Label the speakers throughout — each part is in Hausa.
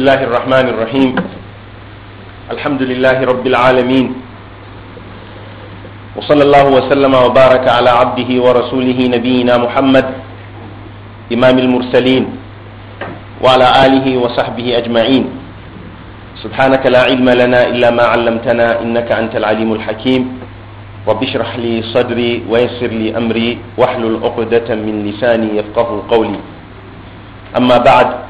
Speaker 1: الله الرحمن الرحيم الحمد لله رب العالمين وصلى الله وسلم وبارك على عبده ورسوله نبينا محمد إمام المرسلين وعلى آله وصحبه أجمعين سبحانك لا علم لنا إلا ما علمتنا إنك أنت العليم الحكيم رب اشرح لي صدري ويسر لي أمري واحلل عقدة من لساني يفقه قولي أما بعد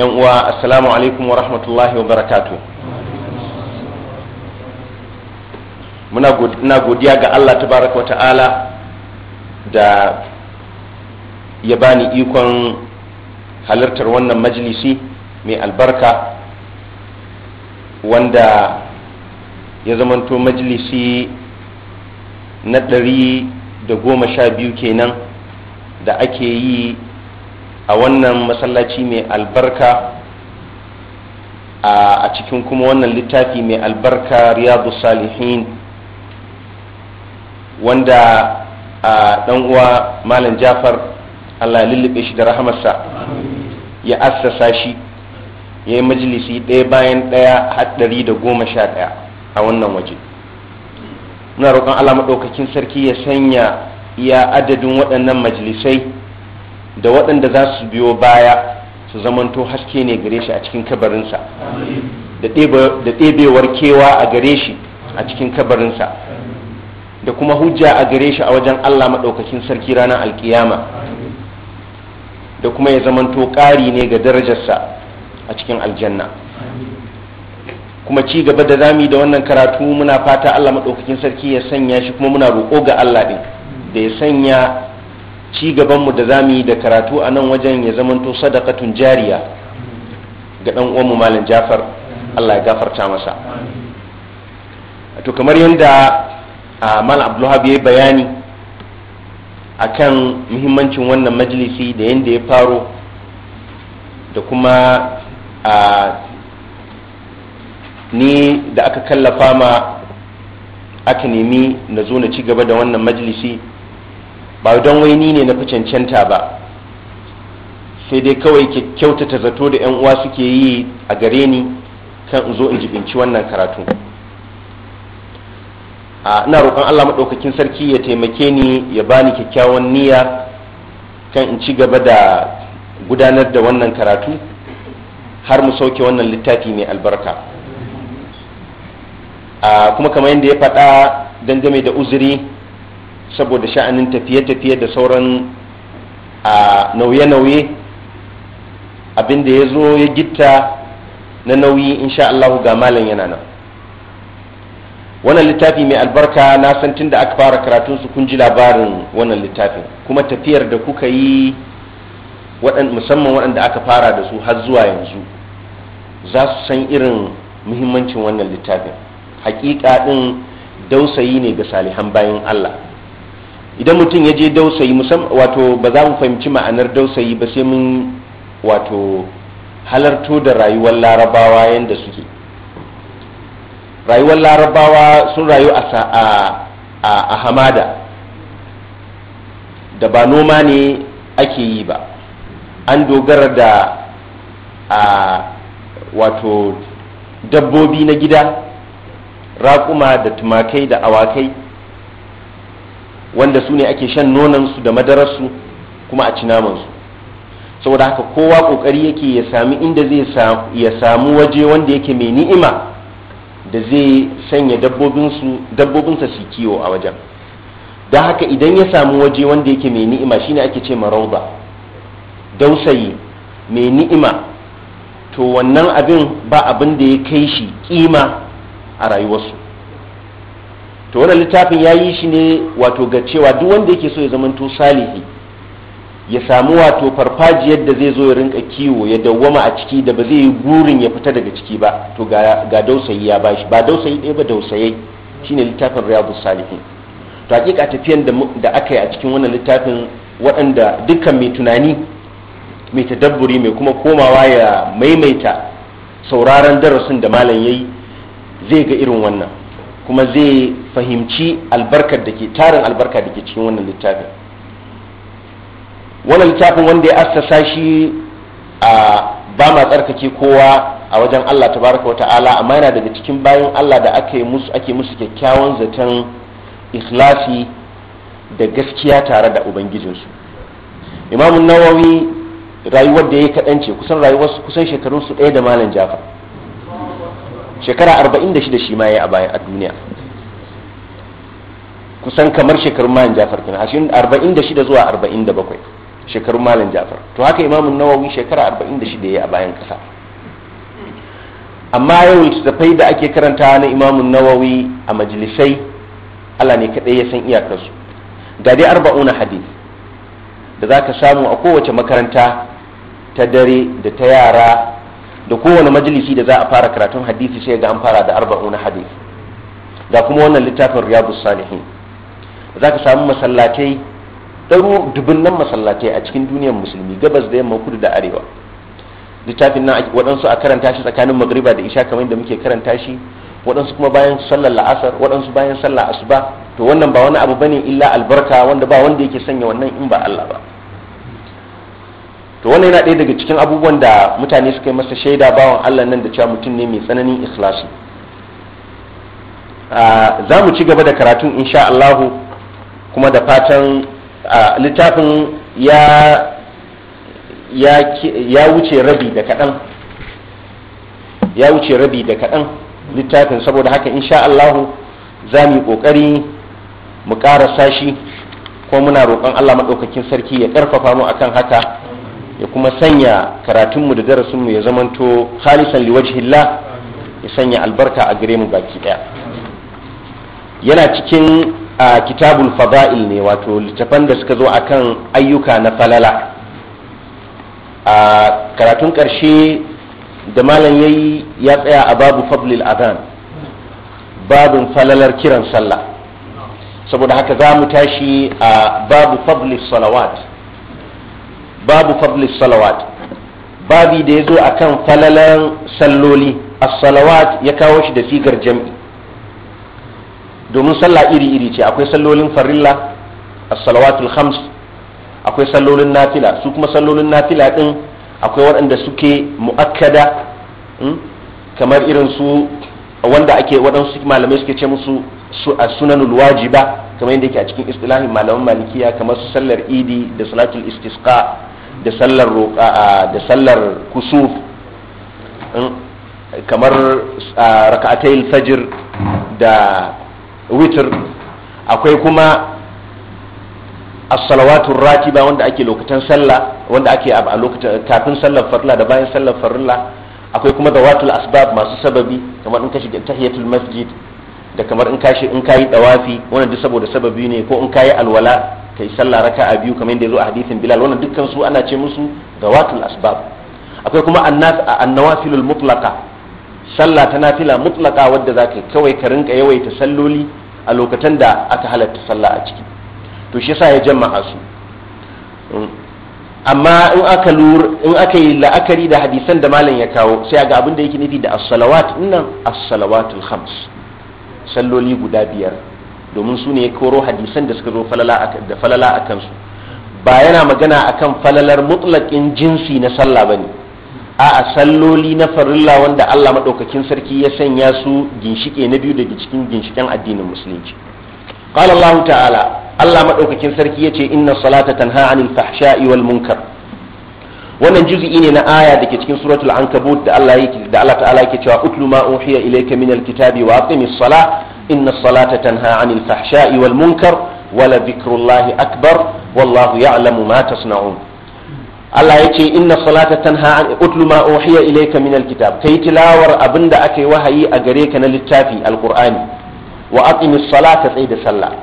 Speaker 1: yan uwa assalamu alaikum wa rahmatullahi wa barakatu muna godiya ga allah tabaraka wa ta'ala da ya bani ikon halartar wannan majalisi mai albarka wanda ya zamanto majalisi na ɗari da goma sha biyu kenan da ake yi a wannan masallaci mai albarka a cikin kuma wannan littafi mai albarka riyadu salihin wanda a dan uwa malam jafar allah lullube shi da rahamarsa ya assasa shi ya yi majalisi ɗaya bayan ɗaya haɗari da goma sha ɗaya a wannan waje muna roƙon allah maɗaukakin sarki ya sanya iya adadin waɗannan majalisai da waɗanda za su biyo baya su zamanto haske ne gare shi a cikin kabarinsa da ɗebewar kewa a gare shi a cikin kabarinsa da kuma hujja a gare shi a wajen allah maɗaukakin sarki ranar alkiyama da kuma ya zamanto ƙari ne ga darajarsa a cikin aljanna kuma ci gaba da zami da wannan karatu muna fata allah maɗaukakin sarki ya sanya shi kuma muna roƙo ga allah ɗin da ya sanya ci gaban mu da zamu yi da karatu a nan wajen ya zamanto sadakatun jariya ga ɗan mu malam jafar allah ya gafarta masa to kamar yadda malam abdullahab ya yi bayani akan muhimmancin wannan majalisi da yadda ya faro da kuma ni da aka kallafa ma aka nemi na zo na ci gaba da wannan majalisi ba don wai ni ne na fi cancanta ba sai dai kawai kyautata zato da yan uwa suke yi a gare ni kan zo in jibinci wannan karatu a ina roƙon Allah maɗaukakin sarki ya taimake ni ya bani kyakkyawan niyya kan in ci gaba da gudanar da wannan karatu har mu sauke wannan littafi mai albarka kuma kamar yadda ya faɗa dangane da uzuri saboda sha'anin tafiye-tafiye da sauran a nauye-nauye abinda ya zo ya gitta na nauyi insha Allah ga malam yana nan wannan littafi mai albarka na san tun da aka fara karatun su kun ji labarin wannan littafin kuma tafiyar da kuka yi musamman waɗanda aka fara da su har zuwa yanzu za su san irin muhimmancin wannan littafin hakika ɗin dausayi ne ga salihan bayan Allah idan mutum ya je dausayi musamman wato ba za mu fahimci ma'anar dausayi ba sai mun wato halarto da rayuwar larabawa yadda suke rayuwar larabawa sun rayu a hamada da ba noma ne ake yi ba an dogara da a wato dabbobi na gida raƙuma da tumakai da awakai wanda su ne ake shan nonansu da madararsu kuma a ci namansu saboda haka kowa kokari yake ya sami inda zai ya samu waje wanda yake mai ni'ima da zai sanya dabbobinsa su kiwo a wajen don haka idan ya samu waje wanda yake mai ni'ima shine ake ce marauba dausayi mai ni'ima to wannan abin ba abin da ya kai shi kima a rayuwarsu to wannan littafin ya yi shi ne wato ga cewa duk wanda yake so ya zamanto salihi ya samu wato farfajiyar da zai zo ya rinka kiwo ya dawwama a ciki da ba zai yi gurin ya fita daga ciki ba to ga dausayi ya bashi ba dausayi ɗaya ba shi shine littafin riyadu salihin to hakika tafiyan da aka yi a cikin wannan littafin waɗanda dukkan mai tunani mai tadabburi mai kuma komawa ya maimaita sauraron darasin da malam yayi zai ga irin wannan kuma zai fahimci albarkar da ke tarin albarka da ke cikin wannan littafin wannan littafin wanda ya assasa shi a ba ma tsarkake kowa a wajen Allah tabaraka wa ta'ala amma yana daga cikin bayan Allah da aka yi musu ake musu kyakkyawan zaton ikhlasi da gaskiya tare da ubangijinsu imamun nawawi rayuwar da ya kaɗan ce kusan rayuwar kusan shekarunsu ɗaya da malam jafar shekara arba'in da shida shi ma ya yi a bayan a duniya kusan kamar shekarun malam jafar kenan ashirin arba'in da shida zuwa arba'in da bakwai shekarun malam jafar to haka imamun nawawi shekara arba'in da shida ya yi a bayan kasa. amma yau littattafai da ake karanta na imamun nawawi a majalisai allah ne kaɗai ya san iyakarsu ga dai na hadith da za ka samu a kowace makaranta ta dare da ta yara da kowane majalisi da za a fara karatun hadisi sai ga an fara da arba'u na hadisi ga kuma wannan littafin riyabu salihin za ka samu masallatai ɗaro dubunnan masallatai a cikin duniyar musulmi gabas da yamma kudu da arewa littafin nan waɗansu a karanta shi tsakanin magriba da isha kamar da muke karanta shi waɗansu kuma bayan sallar la'asar waɗansu bayan sallar asuba to wannan ba wani abu bane illa albarka wanda ba wanda yake sanya wannan in ba Allah ba to wannan yana ɗaya daga cikin abubuwan da mutane suka yi masa shaida bawan Allah nan da cewa mutum ne mai tsananin ikhlasi za mu ci gaba da karatun insha Allahu kuma da fatan littafin ya wuce rabi da kaɗan ya wuce rabi da kaɗan littafin saboda haka insha Allahu za mu yi ƙoƙari mu ƙara sashi ko muna roƙon Allah maɗaukakin sarki ya ƙarfafa mu akan haka ya kuma sanya karatunmu da darasinmu ya zamanto khalisan liwajhillah ya sanya albarka a gare mu baki daya yana cikin kitabul fada'il ne wato littafan da suka zo a kan ayyuka na falala a karatun ƙarshe da malam yayi ya tsaya a babu fablil adhan babin falalar kiran sallah saboda haka za mu tashi a babu fablil salawat babu fadli salawat babi da ya zo a kan falalan salloli as-salawat ya kawo shi da sigar jam'i domin sallah iri-iri ce akwai sallolin farilla as-salawatul khams akwai sallolin nafila su kuma sallolin nafila din akwai waɗanda suke mu'akkada hmm, kamar irin su wanda ake waɗansu malamai suke ce musu su a sunanul wajiba kamar yadda yake a cikin istilahin malaman malikiya kamar su sallar idi da salatul istisqa da sallar roƙa da sallar kusuf kamar raka'atai fajir da witr akwai kuma as-salawatu ratiba wanda ake lokutan sallah wanda ake a lokacin kafin sallar farilla da bayan sallar farilla akwai kuma dawatul asbab masu sababi kamar in kashi shiga tahiyatul masjid da kamar in kashi in kayi dawafi wannan duk saboda sababi ne ko in kayi alwala ka kai sallah raka a biyu kamar yadda ya zo a hadisin bilal wannan dukkan su ana ce musu gawatul asbab akwai kuma annas annawafilul mutlaka sallah ta nafila mutlaka wadda ka yi kawai ka rinka yawaita salloli a lokacin da aka halatta sallah a ciki to shi yasa ya jama'a su mm. amma in aka in aka yi la'akari da hadisan da malam ya kawo sai ga abin da yake nufi da as-salawat nan as-salawatul khams salloli guda biyar domin su ne ya koro hadisan da suka zo da falala a kansu ba yana magana akan falalar mutlaƙin jinsi na sallah ba ne a salloli na farilla wanda allah maɗaukakin sarki ya sanya su ginshiƙe na biyu daga cikin ginshiƙen addinin musulunci qala allah ta'ala allah maɗaukakin sarki ya ce inna salata tanha anil fahsha'i iwal munkar wannan juzu'i ne na aya da ke cikin suratul ankabut da allah da allah ta'ala yake cewa utlu ma uhiya ilayka min alkitabi wa aqimis salah إن الصلاة تنهى عن الفحشاء والمنكر ولذكر الله أكبر والله يعلم ما تصنعون الله يتي إن الصلاة تنهى عن أتل ما أوحي إليك من الكتاب كي تلاور أبند أكي وهي أجريك للتافي القرآن وأطم الصلاة عيد صلاة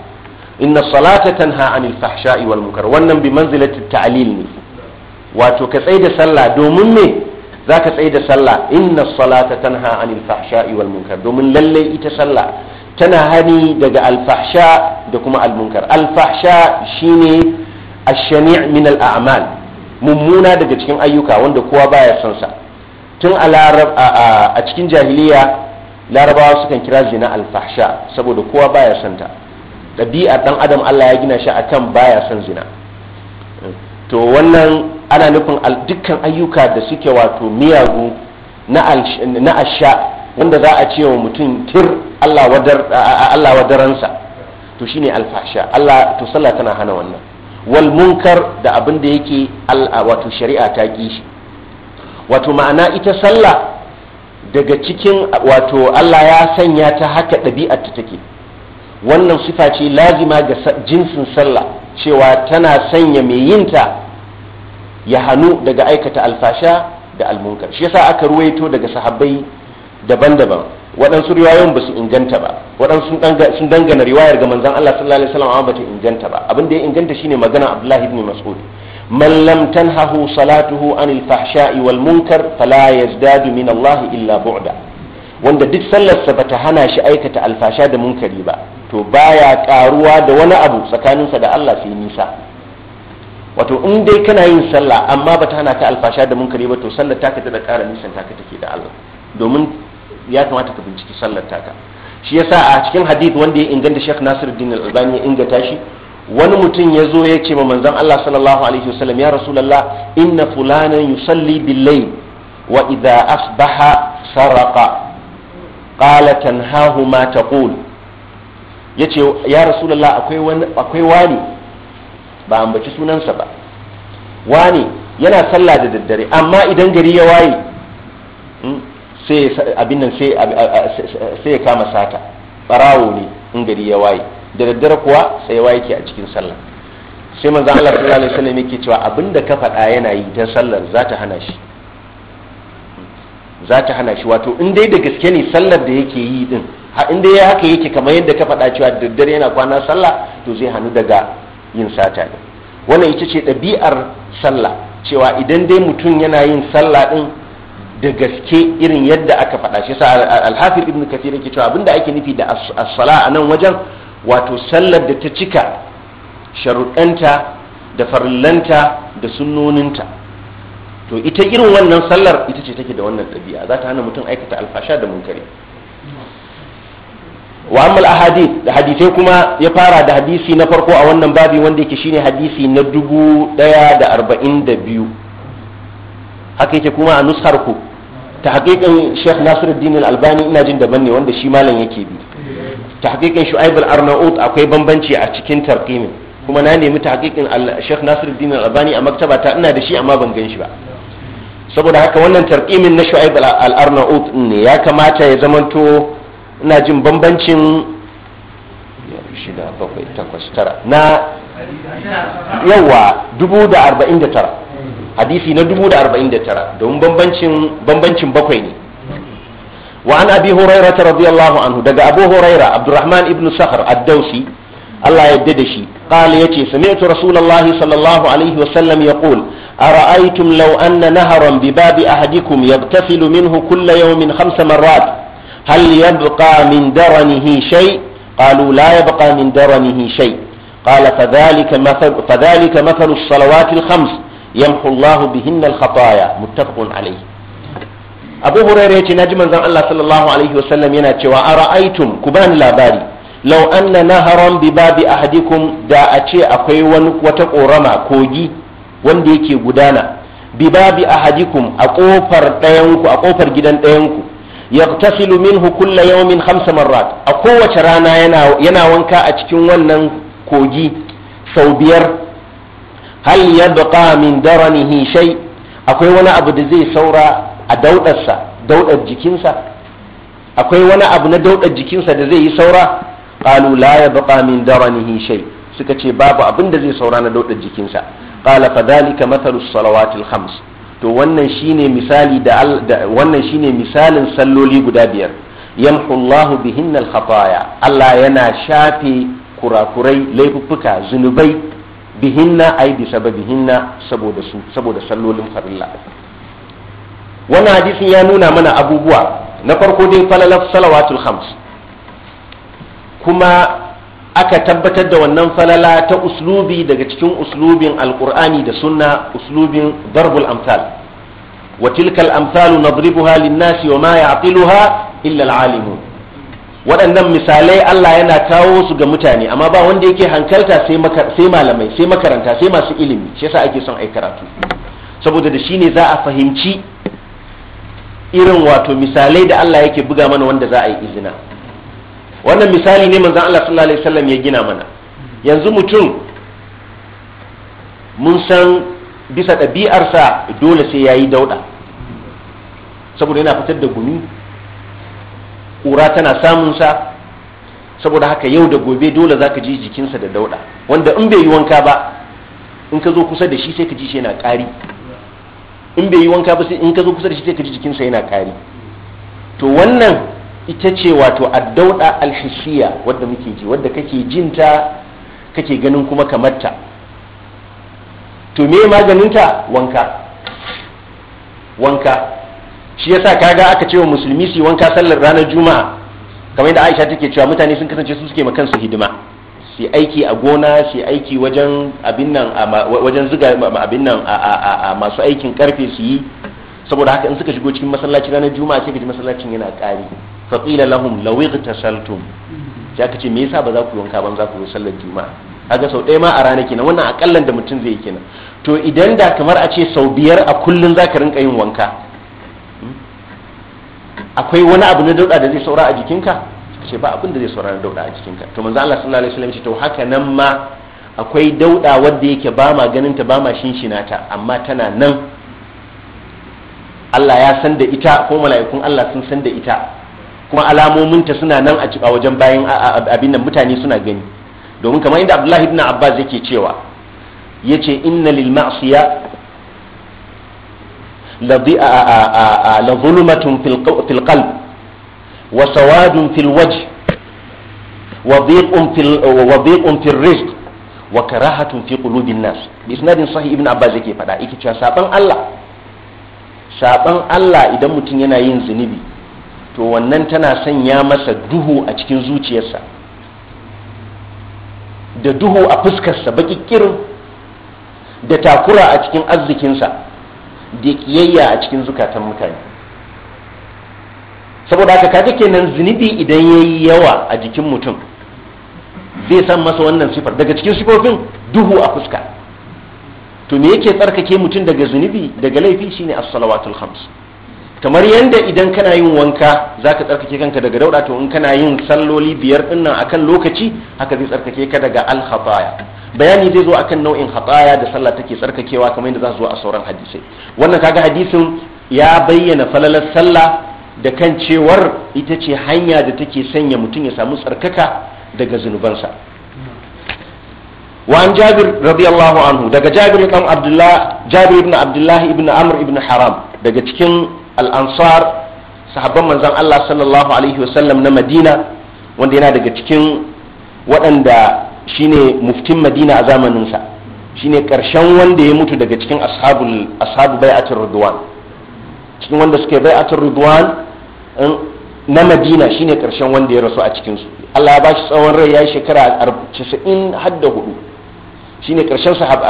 Speaker 1: إن الصلاة تنهى عن الفحشاء والمنكر ونم بمنزلة التعليل واتوك سيد صلاة دومني ذاك سيد صلاة إن الصلاة تنهى عن الفحشاء والمنكر دوم للي يتسلى tana hani daga alfahsha da kuma almunkar alfahsha shine ashani' min al'amal mummuna daga cikin ayyuka wanda kowa baya son sa tun a cikin jahiliya larabawa sukan kira zina alfahsha saboda kowa baya son ta ɗabi'a dan adam Allah ya gina shi akan baya son zina to wannan ana nufin dukkan ayyuka da suke wato miyagu na asha wanda za a ce wa mutum tir Allah wadaransa to shine alfasha Allah to sallah tana hana wannan wal munkar da abin da yake wato shari'a ta ki shi wato ma'ana ita sallah daga cikin wato Allah ya sanya ta haka ɗabi'ar ta take wannan sifa ce lazima ga jinsin sallah cewa tana sanya mai yinta ya hannu daga aikata alfasha da almunkar shi yasa aka ruwaito daga sahabbai daban-daban waɗansu riwayoyin ba su inganta ba waɗansu sun dangana riwayar ga manzan Allah sallallahu alaihi wasallam amma ba ta inganta ba abin da ya inganta shine magana Abdullahi ibn Mas'ud man lam tanhahu salatuhu anil fahsha'i wal munkar fala yazdadu min Allah illa bu'da wanda duk sallarsa bata hana shi aikata alfasha da munkari ba to baya karuwa da wani abu tsakaninsa da Allah sai nisa wato in dai kana yin sallah amma ba ta hana ka alfasha da munkari ba to sallar taka da ƙara nisan taka take da Allah domin ya kamata ka binciki sallar taka shi yasa a cikin hadith wanda ya inganta Sheikh Nasiruddin Al-Albani ya inganta shi wani mutum ya zo ya ce ma manzon Allah sallallahu alaihi wasallam ya rasulullah inna fulanan yusalli bil-layl wa idha asbaha saraqa qala tanhahu ma taqul yace ya rasulullah akwai wani akwai wani ba ambaci sunansa ba wani yana sallah da daddare amma idan gari ya waye hmm, sai abin nan sai ya kama sata barawo ne in gari ya waye da daddare kuwa sai waye ke a cikin sallah sai manzo Allah sallallahu alaihi wasallam yake cewa abinda ka faɗa yana yi ta sallar za ta hana shi za ta hana shi wato in dai da gaske ne sallar da yake yi din ha in dai haka yake kamar yadda ka faɗa cewa daddare yana kwana sallah to zai hannu daga yin sata ne wannan ita ce ɗabi'ar sallah cewa idan dai mutum yana yin sallah din da gaske irin yadda aka faɗa shi sa al-hafiz ibn kathir yake cewa abinda ake nufi da as-sala a nan wajen wato sallar da ta cika sharuɗanta da farillanta da sunnoninta to ita irin wannan sallar ita ce take da wannan ɗabi'a za ta hana mutum aikata alfasha da munkari wa ammal ahadith da hadisai kuma ya fara da hadisi na farko a wannan babi wanda yake shine hadisi na dubu ɗaya da arba'in da biyu haka yake kuma a nuskar ku tahqiqin Sheikh Nasiruddin Al-Albani ina jin daban ne wanda shi malam yake bi tahqiqin Shu'aib Al-Arnaut akwai bambanci a cikin tarqimin kuma na nemi tahqiqin Sheikh Nasiruddin Al-Albani a maktabata ina da shi amma ban gan shi ba saboda haka wannan tarqimin na Shu'aib Al-Arnaut ne ya kamata ya zamanto ina jin bambancin na yawa dubu da arba'in da tara hadisi na 1049 domin bambancin bambancin bakwai ne wa an abi hurairah radiyallahu anhu daga abu hurairah abdurrahman ibn sahr ad-dawsi Allah ya yarda da shi قال يتي سمعت رسول الله صلى الله عليه وسلم يقول أرأيتم لو أن نهرا بباب أحدكم يغتسل منه كل يوم خمس مرات هل يبقى من درنه شيء قالوا لا يبقى من درنه شيء قال فذلك مثل, فذلك مثل الصلوات الخمس yamhu Allahu bihin al-khataya muttafaqun alayhi Abu Hurairah yace naji manzon Allah sallallahu alaihi wasallam yana cewa ara'aytum ku bani labari law anna naharan bi babi ahadikum da a ce akwai wani wata korama kogi wanda yake gudana bi babi ahadikum a kofar ɗayanku a kofar gidan ɗayanku yaqtasilu minhu kulla yawmin khamsa marrat a kowace rana yana yana wanka a cikin wannan kogi sau biyar hal yabqa min daranihi shay akwai wani abu da zai saura a daudarsa daudar jikinsa akwai wani abu na daudar jikinsa da zai yi saura qalu la yabqa min daranihi shai suka ce babu abin da zai saura na daudar jikinsa qala fadhalika mathalu salawatil khams to wannan shine misali da wannan shine misalin salloli guda biyar yamhu Allahu bihinnal khataya Allah yana shafe kurakurai laifuffuka zunubai bihinna ai bi sababihinna saboda su saboda sallolin farilla wannan hadisin ya nuna mana abubuwa na farko dai falalar salawatul khams kuma aka tabbatar da wannan falala ta uslubi daga cikin uslubin alqur'ani da sunna uslubin darbul amsal wa tilkal al amsalu nadribuha lin-nasi wa ma ya'qiluha illa al waɗannan misalai Allah yana kawo su ga mutane amma ba wanda yake hankalta sai malamai sai makaranta sai masu ilimi shi yasa ake son ai karatu saboda da shine za a fahimci irin wato misalai da Allah yake buga mana wanda za a yi izina wannan misali ne manzon Allah sallallahu alaihi wasallam ya gina mana yanzu mutum mun san bisa ɗabi'arsa dole sai yayi dauɗa saboda yana fitar da gumi ƙura tana samunsa saboda haka yau da gobe dole za ka ji jikinsa da dauɗa wanda in bai yi wanka ba in ka zo kusa da shi sai ka ji shi yana ƙari in bai yi wanka ba sai in ka zo kusa da shi sai ka ji jikinsa yana ƙari to wannan ita ce wato dauɗa alhishiya wadda muke ji wadda kake jinta kake ganin kuma kamarta to me maganinta wanka wanka shi yasa kaga aka ce wa musulmi su wanka sallar ranar juma'a kamar yadda aisha take cewa mutane sun kasance su suke ma su hidima su aiki a gona su aiki wajen abin nan wajen zuga abin nan a masu aikin karfe su yi saboda haka in suka shigo cikin masallaci ranar juma'a sai ka ji masallacin yana ƙari qila lahum law ightasaltum ya aka ce me yasa ba za ku wanka ban za ku sallar juma'a kaga sau ɗaya ma a ranar kenan wannan akallan da mutum zai yi kenan to idan da kamar a ce sau biyar a kullun za ka rinka yin wanka akwai wani abu na dauda da zai saura a jikinka ce ba abin da zai saura na dauda a jikinka to manzo Allah sallallahu alaihi wasallam ce to haka nan ma akwai dauda wanda yake ba ma ganin ta ba ma shinshina ta amma tana nan Allah ya san da ita ko mala'ikun Allah sun san da ita kuma alamomin ta suna nan a wajen bayan abin nan mutane suna gani domin kamar inda Abdullahi ibn Abbas yake cewa yace inna lil ma'siya la zulumatun fil qalb wa sawadun fil wajh wa dhiqun fil wa rizq wa karahatun fi qulubin nas bi isnadin sahih ibn abbas yake fada yake cewa saban Allah saban Allah idan mutum yana yin zunubi to wannan tana sanya masa duhu a cikin zuciyarsa da duhu a fuskarsa baki da takura a cikin arzikinsa da kiyayya a cikin zukatan mutane saboda haka kaga kenan zunubi idan yayi yawa a jikin mutum zai san masa wannan sifar daga cikin sifofin duhu a fuska to me yake tsarkake mutum daga zunubi daga laifi shine as-salawatul khams kamar yadda idan kana yin wanka za ka tsarkake kanka daga dauda to in kana yin salloli biyar dinnan akan lokaci haka zai tsarkake ka daga alhabaya bayani zai zo akan nau'in hataya da sallah take tsarkakewa kamar yadda za su zo a sauran hadisai wannan kaga hadisin ya bayyana falalar sallah da kan cewar ita ce hanya da take sanya mutum ya samu tsarkaka daga zunubansa وعن جابر رضي الله عنه دقى جابر بن عبد الله جابر بن عبد الله بن عمرو بن حرام دقى تكن الأنصار صحابة من زمان الله صلى الله عليه وسلم نمدينة وندينا دقى تكن وأن shine muftin madina a zamaninsa shine karshen wanda ya mutu daga cikin ashabul ashab bai'atul ridwan cikin wanda suke bai'atul ridwan na madina shine karshen wanda ya rasu a cikin su allah ya bashi tsawon rai ya shekara 94 shine karshen sahaba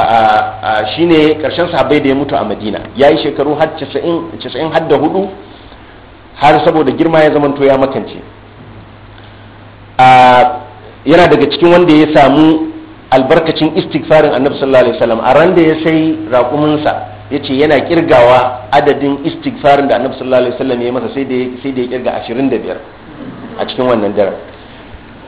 Speaker 1: shine karshen sahaba da ya mutu a Madina yayi shekaru har 90 90 har da hudu har saboda girma ya zamanto ya makance yana daga cikin wanda ya samu albarkacin istighfarin annabi sallallahu alaihi wasallam a ran da ya sai raƙuminsa ya ce yana kirgawa adadin istighfarin da annabi sallallahu alaihi wasallam ya masa sai da ya kirga 25 a cikin wannan daren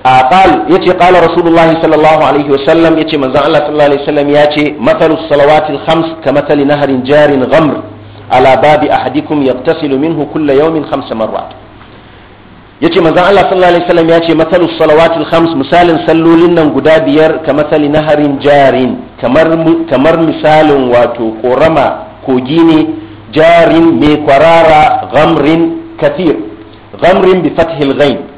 Speaker 1: a qal yace qala rasulullahi sallallahu alaihi wasallam yace manzon Allah sallallahu alaihi wasallam yace mathalu salawatil khams kamathali naharin jarin ghamr ala babi ahadikum yaghtasilu minhu kulla yawmin khams marrat yace manzon Allah sallallahu alaihi wasallam yace mathalu salawatil khams misalin sallolin nan guda biyar kamathali naharin jarin kamar kamar misalin wato korama kogi ne jarin mai kwarara ghamrin kathir ghamrin bi fathil ghain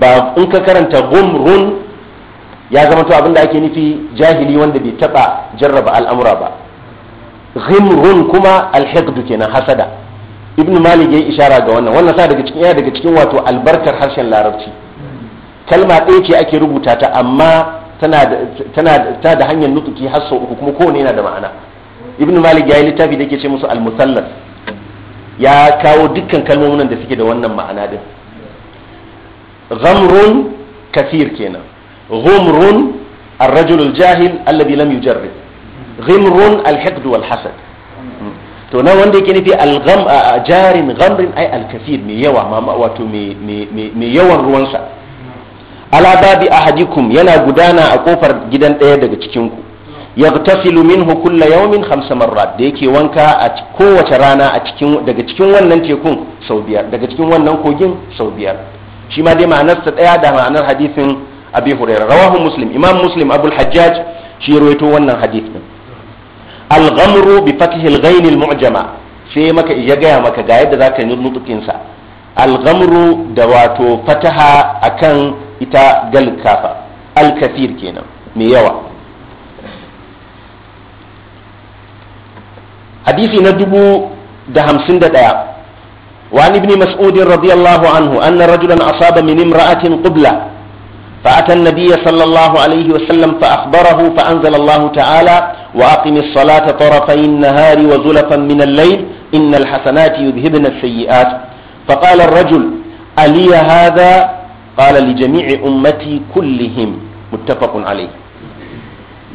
Speaker 1: ba in ka karanta gumrun ya zama to abinda ake nufi jahili wanda bai taba jarraba al'amura ba gumrun kuma alhiqdu kenan hasada ibn malik yayi ishara ga wannan wannan sa daga cikin yana daga cikin wato albarkar harshen larabci kalma ɗaya ce ake rubuta ta amma tana tana ta da hanyar nutuki har sau uku kuma kowane yana da ma'ana ibn malik yayi littafi da yake ce musu al-musallas ya kawo dukkan kalmomin da suke da wannan ma'ana din ghamrun kathir kenan ghamrun الرجل الجاهل الذي لم يجرب غمر الحقد والحسد to na wanda yake nufi a jarin ghamrin ai alkafir mai yawa ma wato mai yawan ruwansa ala babi ahadikum yana gudana a kofar gidan ɗaya daga cikin ku yaghtasilu minhu kulla yawmin hamsa marrat da yake wanka a kowace rana a cikin daga cikin wannan tekun sau biyar daga cikin wannan kogin sau biyar shi ma dai ma'anar ta daya da ma'anar hadisin abi hurairah rawahu muslim imam muslim abul hajjaj shi rawaito wannan hadith din al-ghamru bi fathi al-ghain al-mu'jama sai maka ya gaya maka ga yadda zaka yi nutukin sa al-ghamru da wato fataha akan ita gal kafa al-kathir kenan mai yawa hadisi na dubu da hamsin da ɗaya وعن ابن مسعود رضي الله عنه أن رجلا أصاب من امرأة قبلة فأتى النبي صلى الله عليه وسلم فأخبره فأنزل الله تعالى وأقم الصلاة طرفي النهار وزلفا من الليل إن الحسنات يذهبن السيئات فقال الرجل ألي هذا قال لجميع أمتي كلهم متفق عليه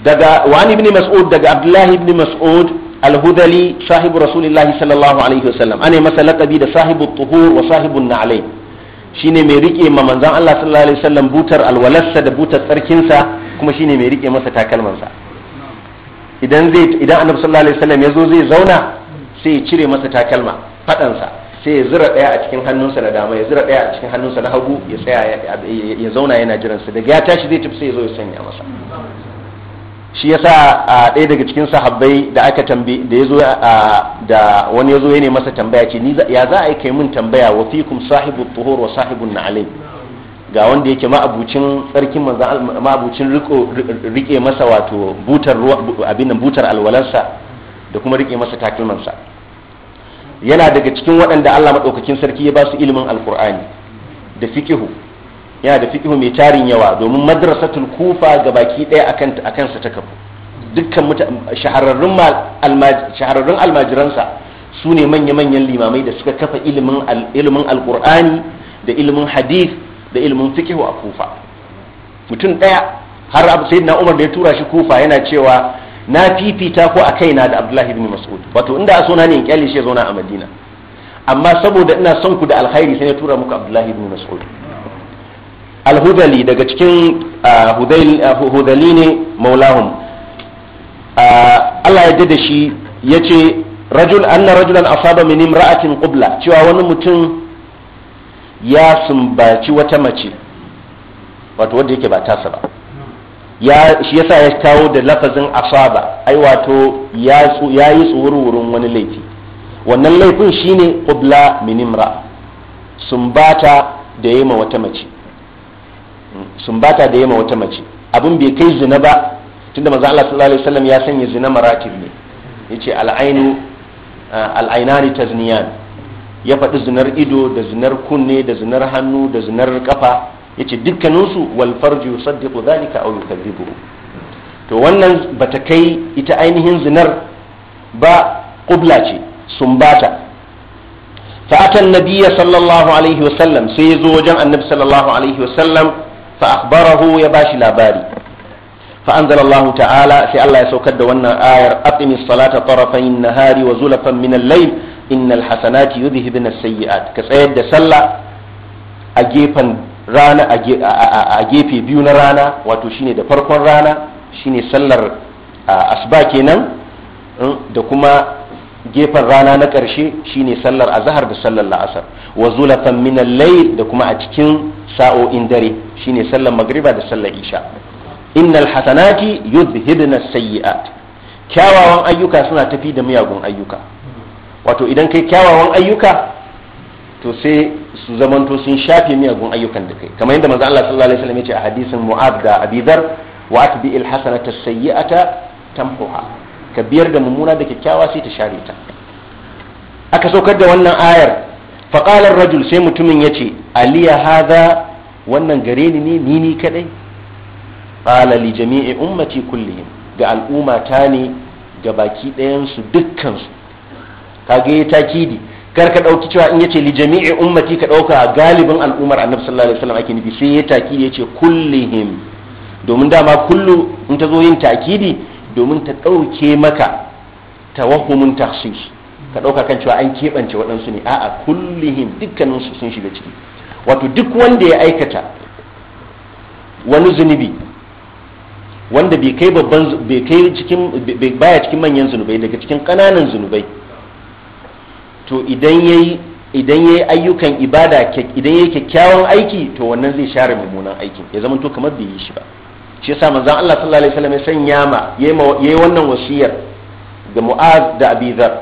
Speaker 1: دقى وعن ابن مسعود دقى عبد الله بن مسعود al-hudali sahibu rasulillahi sallallahu alaihi wasallam ane masa laqabi da sahibu tuhur wa sahibu na'alai shine mai rike ma manzon Allah sallallahu alaihi wasallam butar alwalarsa da butar tsarkinsa kuma shine mai rike masa takalmansa idan zai idan annabi sallallahu alaihi wasallam yazo zai zauna sai ya cire masa takalma fadansa sai ya zira daya a cikin hannunsa na dama ya zira daya a cikin hannunsa na hagu ya tsaya ya zauna yana jiran su daga ya tashi zai tafi sai ya zo ya sanya masa shi yasa a ɗaya daga cikin sahabbai da aka tambi da yazo da wani yazo ya ne masa tambaya ce ni ya za a yi kai mun tambaya wa fikum sahibu tuhur wa sahibun na'alai ga wanda yake ma'abucin tsarkin ma'abucin rike masa wato butar ruwa abin butar alwalarsa da kuma rike masa takalmansa yana daga cikin waɗanda Allah madaukakin sarki ya ba su ilimin alqur'ani da fikihu. yana da fiƙihu mai tarin yawa domin madrasatul kufa ga daya akan akan sa ta kafu dukkan shahararrun shahararrun almajiransa su ne manya-manyan limamai da suka kafa ilimin ilimin alqur'ani da ilimin hadith da ilimin fiƙihu a kufa mutum ɗaya har abu sayyidina umar da ya tura shi kufa yana cewa na fifita ko a kaina da abdullahi bin mas'ud wato inda a sona ne in kyale shi ya zauna a madina amma saboda ina son ku da alkhairi sai ya tura muku abdullahi bin mas'ud alhudali daga cikin ah, ah, hudali ne maulahun ah, Allah ya da shi ya ce rajul anna rajulan asaba min imra'atin qubla cewa wani mutum ya sumbaci wata mace wato wanda yake ba tasa ba ya shi yasa ya kawo da lafazin asaba ai wato ya yi tsuwurwurin wani laifi wannan laifin shine qubla min sumbata da yayi wata mace sumbata da yama wata mace abin bai kai zina ba tunda manzo Allah sallallahu alaihi wasallam ya sanya zina maratib ne yace al'ainu uh, al'ainani tazniyan ya faɗi zinar ido da zinar kunne da zinar hannu da zinar kafa yace dukkaninsu wal farju yusaddiqu dhalika aw yukadhibuhu to wannan bata kai ita ainihin zinar ba qubla ce sumbata fatan nabiyya sallallahu alaihi wasallam sai ya zo wajen annabi sallallahu alaihi wasallam fa akhbarahu ya bashi labari fa anzala Allah ta'ala sai Allah ya saukar da wannan ayar aqimis salata tarafayn nahari wa zulafan min al-layl innal hasanati yudhhibun as-sayyi'at ka tsayar da sallah a gefen rana a gefe biyu na rana wato shine da farkon rana shine sallar asba kenan da kuma gefen rana na ƙarshe shine sallar azahar da sallar la'asar wa zulatan min al da kuma a cikin sa'o'in dare shine sallar magriba da sallar isha innal hasanati yudhibna as-sayyi'at kyawawan ayyuka suna tafi da miyagun ayyuka wato idan kai kyawawan ayyuka to sai su zamanto sun shafe miyagun ayyukan da kai kamar yadda manzo Allah sallallahu alaihi wasallam ya ce a hadisin Mu'adh da Abi Dharr wa atbi'il hasanata as-sayyi'ata tamhuha ka biyar da mummuna da kyakkyawa sai ta share ta aka saukar da wannan ayar faƙalar rajul sai mutumin yace ce aliya hadha wannan gare ni ne ni ni kaɗai qala li jami'i ummati kullihim ga al'umma ta ne ga baki ɗayansu dukkansu kaga ta takidi kar ka ɗauki cewa in yace li jami'i ummati ka ɗauka galibin al'ummar annabi sallallahu alaihi wasallam ake nufi sai ya takidi kullihim domin dama kullu in ta zo yin takidi domin ta ɗauke maka tawahumin taksis ka ɗauka kan cewa an keɓance waɗansu ne a'a dukkanin dukkaninsu sun shiga ciki wato duk wanda ya aikata wani zunubi wanda bai kai babban bai kai cikin baya cikin manyan zunubai daga cikin ƙananan zunubai to idan yi idan yi ayyukan ibada idan ya yi kyakkyawan aiki to wannan zai share mummunan aikin ya zama to kamar bai yi shi ba shi yasa manzon Allah sallallahu alaihi wasallam ya sanya ma yayi wannan wasiyar ga Mu'az da Abi Dhar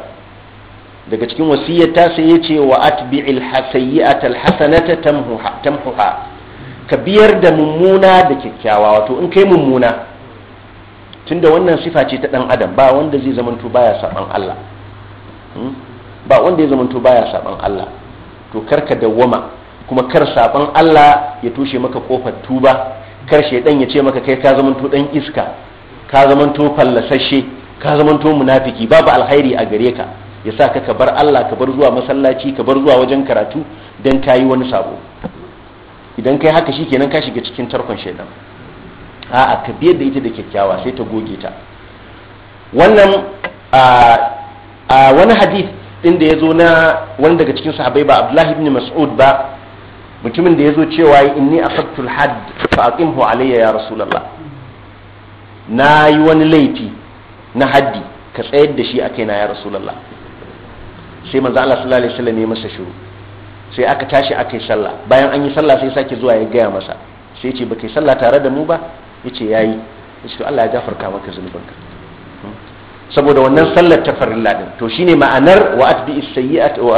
Speaker 1: daga cikin wasiyar ta sai ce wa atbi'il hasayyata alhasanata tamhuha tamhuha ka biyar da mummuna da kyakkyawa wato in kai mummuna tunda wannan sifa ce ta dan adam ba wanda zai zamanto baya saban Allah hmm? ba wanda ya zamanto baya saban Allah to karka dawwama kuma kar saban Allah ya toshe maka kofar tuba Karshe shaidan ya ce maka kai ka zamanto dan iska ka zamanto fallasashe ka zamanto munafiki babu alkhairi a gare ka ya sa ka bar Allah ka bar zuwa masallaci ka bar zuwa wajen karatu dan kayi wani sabo idan kai haka shikenan ka shiga cikin tarkon shaidan a'a ka biyar da ita da kyakkyawa sai ta goge ta wannan a wani hadith din da ya zo na wani daga cikin sahabbai ba abdullahi ibn mas'ud ba mutumin da ya zo cewa inni a al-hadd fa aqimhu alayya ya rasulullah na yi wani laifi na haddi ka tsayar da shi a kaina ya rasulullah sai manzo Allah sallallahu alaihi wasallam ya masa shiru sai aka tashi aka yi sallah bayan an yi sallah sai sake zuwa ya gaya masa sai ce baka yi sallah tare da mu ba yace yayi yace Allah ya gafarta maka zunubanka
Speaker 2: saboda wannan sallar
Speaker 1: ta farilla din to shine ma'anar wa atbi as wa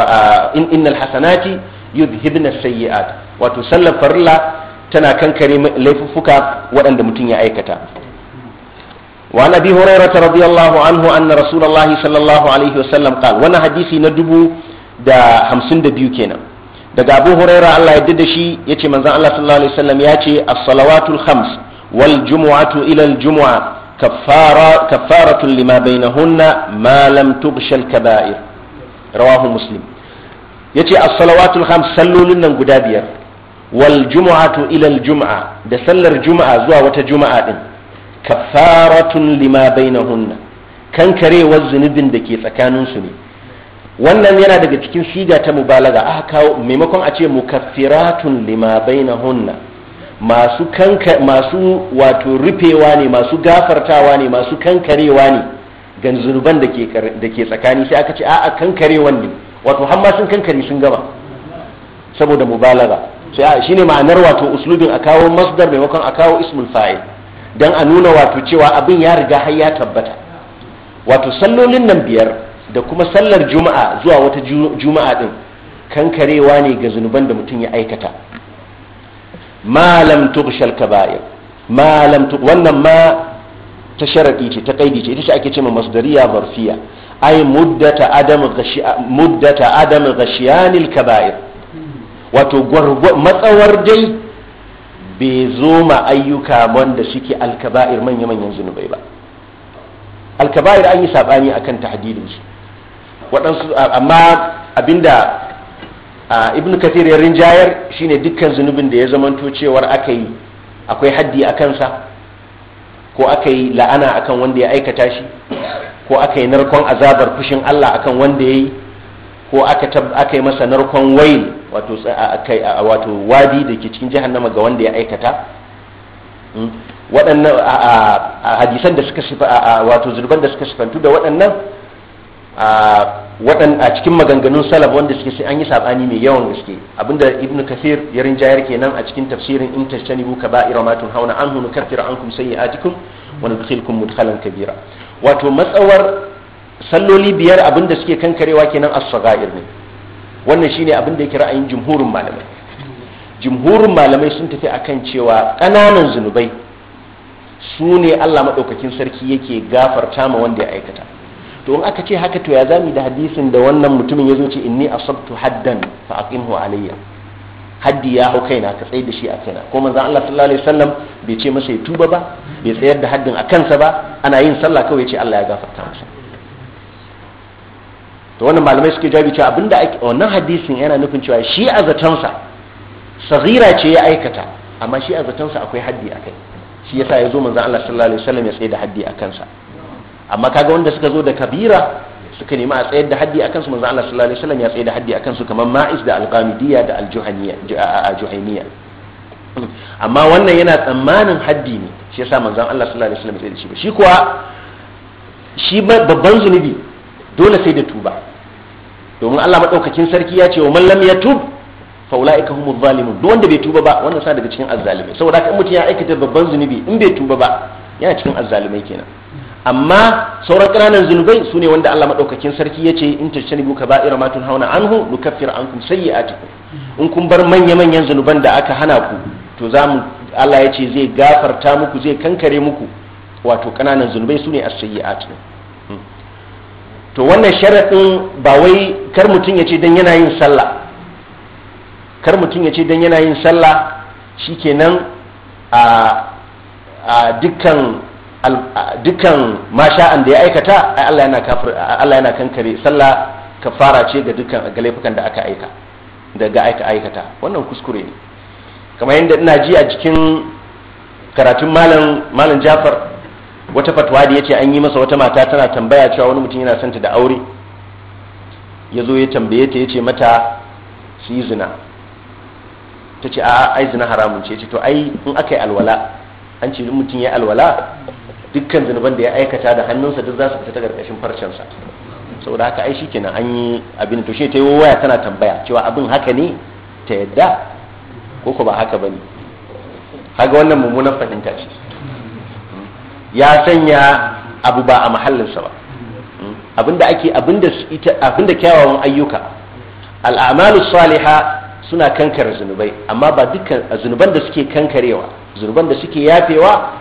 Speaker 1: innal hasanati yudhibna sayyi'at wato sallar farilla tana kankare laifuffuka waɗanda mutum ya aikata وعن ابي هريره رضي الله na ان sallallahu الله صلى الله عليه hadisi na dubu da hamsin da biyu kenan daga abu huraira Allah ya da shi yace manzan Allah sallallahu alaihi wasallam ce as-salawatul khams wal jumu'atu ila al jumu'a kaffara kaffaratun lima bainahunna ma lam tughsha kaba'ir rawahu muslim ya ce salawatul ham sallolin nan guda biyar wal ilal to ilal jumu'a da sallar juma'a zuwa wata juma'a din kaffaratun lima bainahunna kankarewar zunubin da ke tsakanin su ne wannan yana daga cikin siga ta mubalaga aka kawo maimakon a ce mukaffiratun lima bainahunna masu kanka masu wato rufewa ne masu gafartawa ne masu kankarewa ne ga zunuban da ke tsakani sai aka ce a'a kankarewan ne wato hamma sun kankare sun gama saboda mubalaga sai shine ma'anar wato uslubin a kawo masdar maimakon a kawo ismul fa'il dan a nuna wato cewa abin ya riga har ya tabbata wato sallolin nan biyar da kuma sallar juma'a zuwa wata juma'a din kankarewa ne ga zunuban da mutum ya aikata malam tughshal kaba'ir malam wannan ma ta sharadi ce ta kaidi ce ita ce ake cewa masdariya barfiya ai muddata adam muddata adam kaba'ir wato matsawar dai bai zo ma ayyuka shike suke alkaba'ir manya-manyan zinubai ba alkaba'ir an yi saɓani akan tahdidin su waɗansu amma abinda ibn kathir ya rinjayar shine dukkan zunubin da ya zamanto cewar aka akwai haddi a kansa ko aka yi la'ana akan wanda ya aikata shi ko aka yi narkon azabar fushin Allah akan wanda ya yi ko aka yi masa narkon wail wato wadi da ke cikin jahannama ga wanda ya aikata hmm? waɗannan hadisan da suka wato zurban da suka sifantu da waɗannan a cikin maganganun salaf wanda suke sai an yi sabani mai yawan gaske abinda ibnu kafir ya rinjayar nan a cikin tafsirin in ba kaba'ira ma tunhauna anhu nukaffir ankum sayyi'atikum wa nudkhilkum mudkhalan kabira wato matsawar salloli biyar abinda suke kankarewa kenan as-sagair ne wannan shine abin da yake ra'ayin jumhurin malamai jumhurin malamai sun tafi akan cewa kananan zunubai su ne Allah maɗaukakin sarki yake gafarta ma wanda ya aikata to in aka ce haka to ya zami da hadisin da wannan mutumin yazo ce inni asabtu haddan fa aqimhu alayya haddi ya hau kaina ka tsaye da shi a kaina ko manzon Allah sallallahu alaihi wasallam bai ce masa ya tuba ba bai tsayar da haddin a kansa ba ana yin sallah kawai ya ce Allah ya gafarta masa to wannan malamai suke jawabi cewa abinda ake wannan hadisin yana nufin cewa shi a sa sagira ce ya aikata amma shi a sa akwai haddi a kai shi yasa ya zo manzon Allah sallallahu alaihi wasallam ya tsaye da haddi a kansa amma kaga wanda suka zo da kabira suka nemi a tsayar da haddi a kansu manzo Allah sallallahu alaihi wasallam ya tsayar da haddi a kansu kamar Ma'is da Al-Qamidiyya da Al-Juhaniya amma wannan yana tsammanin haddi ne shi yasa manzo Allah sallallahu alaihi wasallam ya tsayar da shi shi kuwa shi babban zunubi dole sai da tuba domin Allah madaukakin sarki ya ce wa man lam yatub fa ulaika humuz zalimun duk wanda bai tuba ba wannan sa daga cikin azzalimai saboda haka in mutum ya aikata babban zunubi in bai tuba ba yana cikin azzalimai kenan amma sauran ƙananan zunubai su ne wanda Allah maɗaukakin sarki ya ce in tajtanibu kaba'ira ma tunhauna anhu kun sayi sayyi'atikum in kun bar manya-manyan zunuban da aka hana ku to za mu Allah ya ce zai gafarta muku zai kankare muku wato ƙananan zunubai su ne a sayi sayyiat hmm. to wannan sharaɗin ba wai kar mutum ya ce don yana yin sallah kar mutum ya ce dan yana yin sallah shikenan kenan a dukkan dukkan masha'an da ya aikata ai Allah yana kankare sallah kafara ce ga dukkan laifukan da aka aika daga aika aikata wannan kuskure ne kamar yadda ina ji a jikin karatun malam Jafar wata fatwa da yace an yi masa wata mata tana tambaya cewa wani mutum yana son ta da aure ya zo ya tambaye ta yace mata su yi zina ta ce a ai zina haramun ce ce to ai in aka yi alwala an ce mutum ya alwala dukkan zunuban da ya aikata da hannunsa duk za su fita ta karkashin farcensa saboda haka ai shikenan an yi abin to shi ta yi waya tana tambaya cewa abin haka ne ta yadda ko ba haka ba ne? haga wannan mummunan fahimta ce ya sanya abu ba a mahallinsa ba abinda ake abinda ita abinda kyawawan ayyuka al'amalu saliha suna kankare zunubai amma ba dukkan zunuban da suke kankarewa zunuban da suke yafewa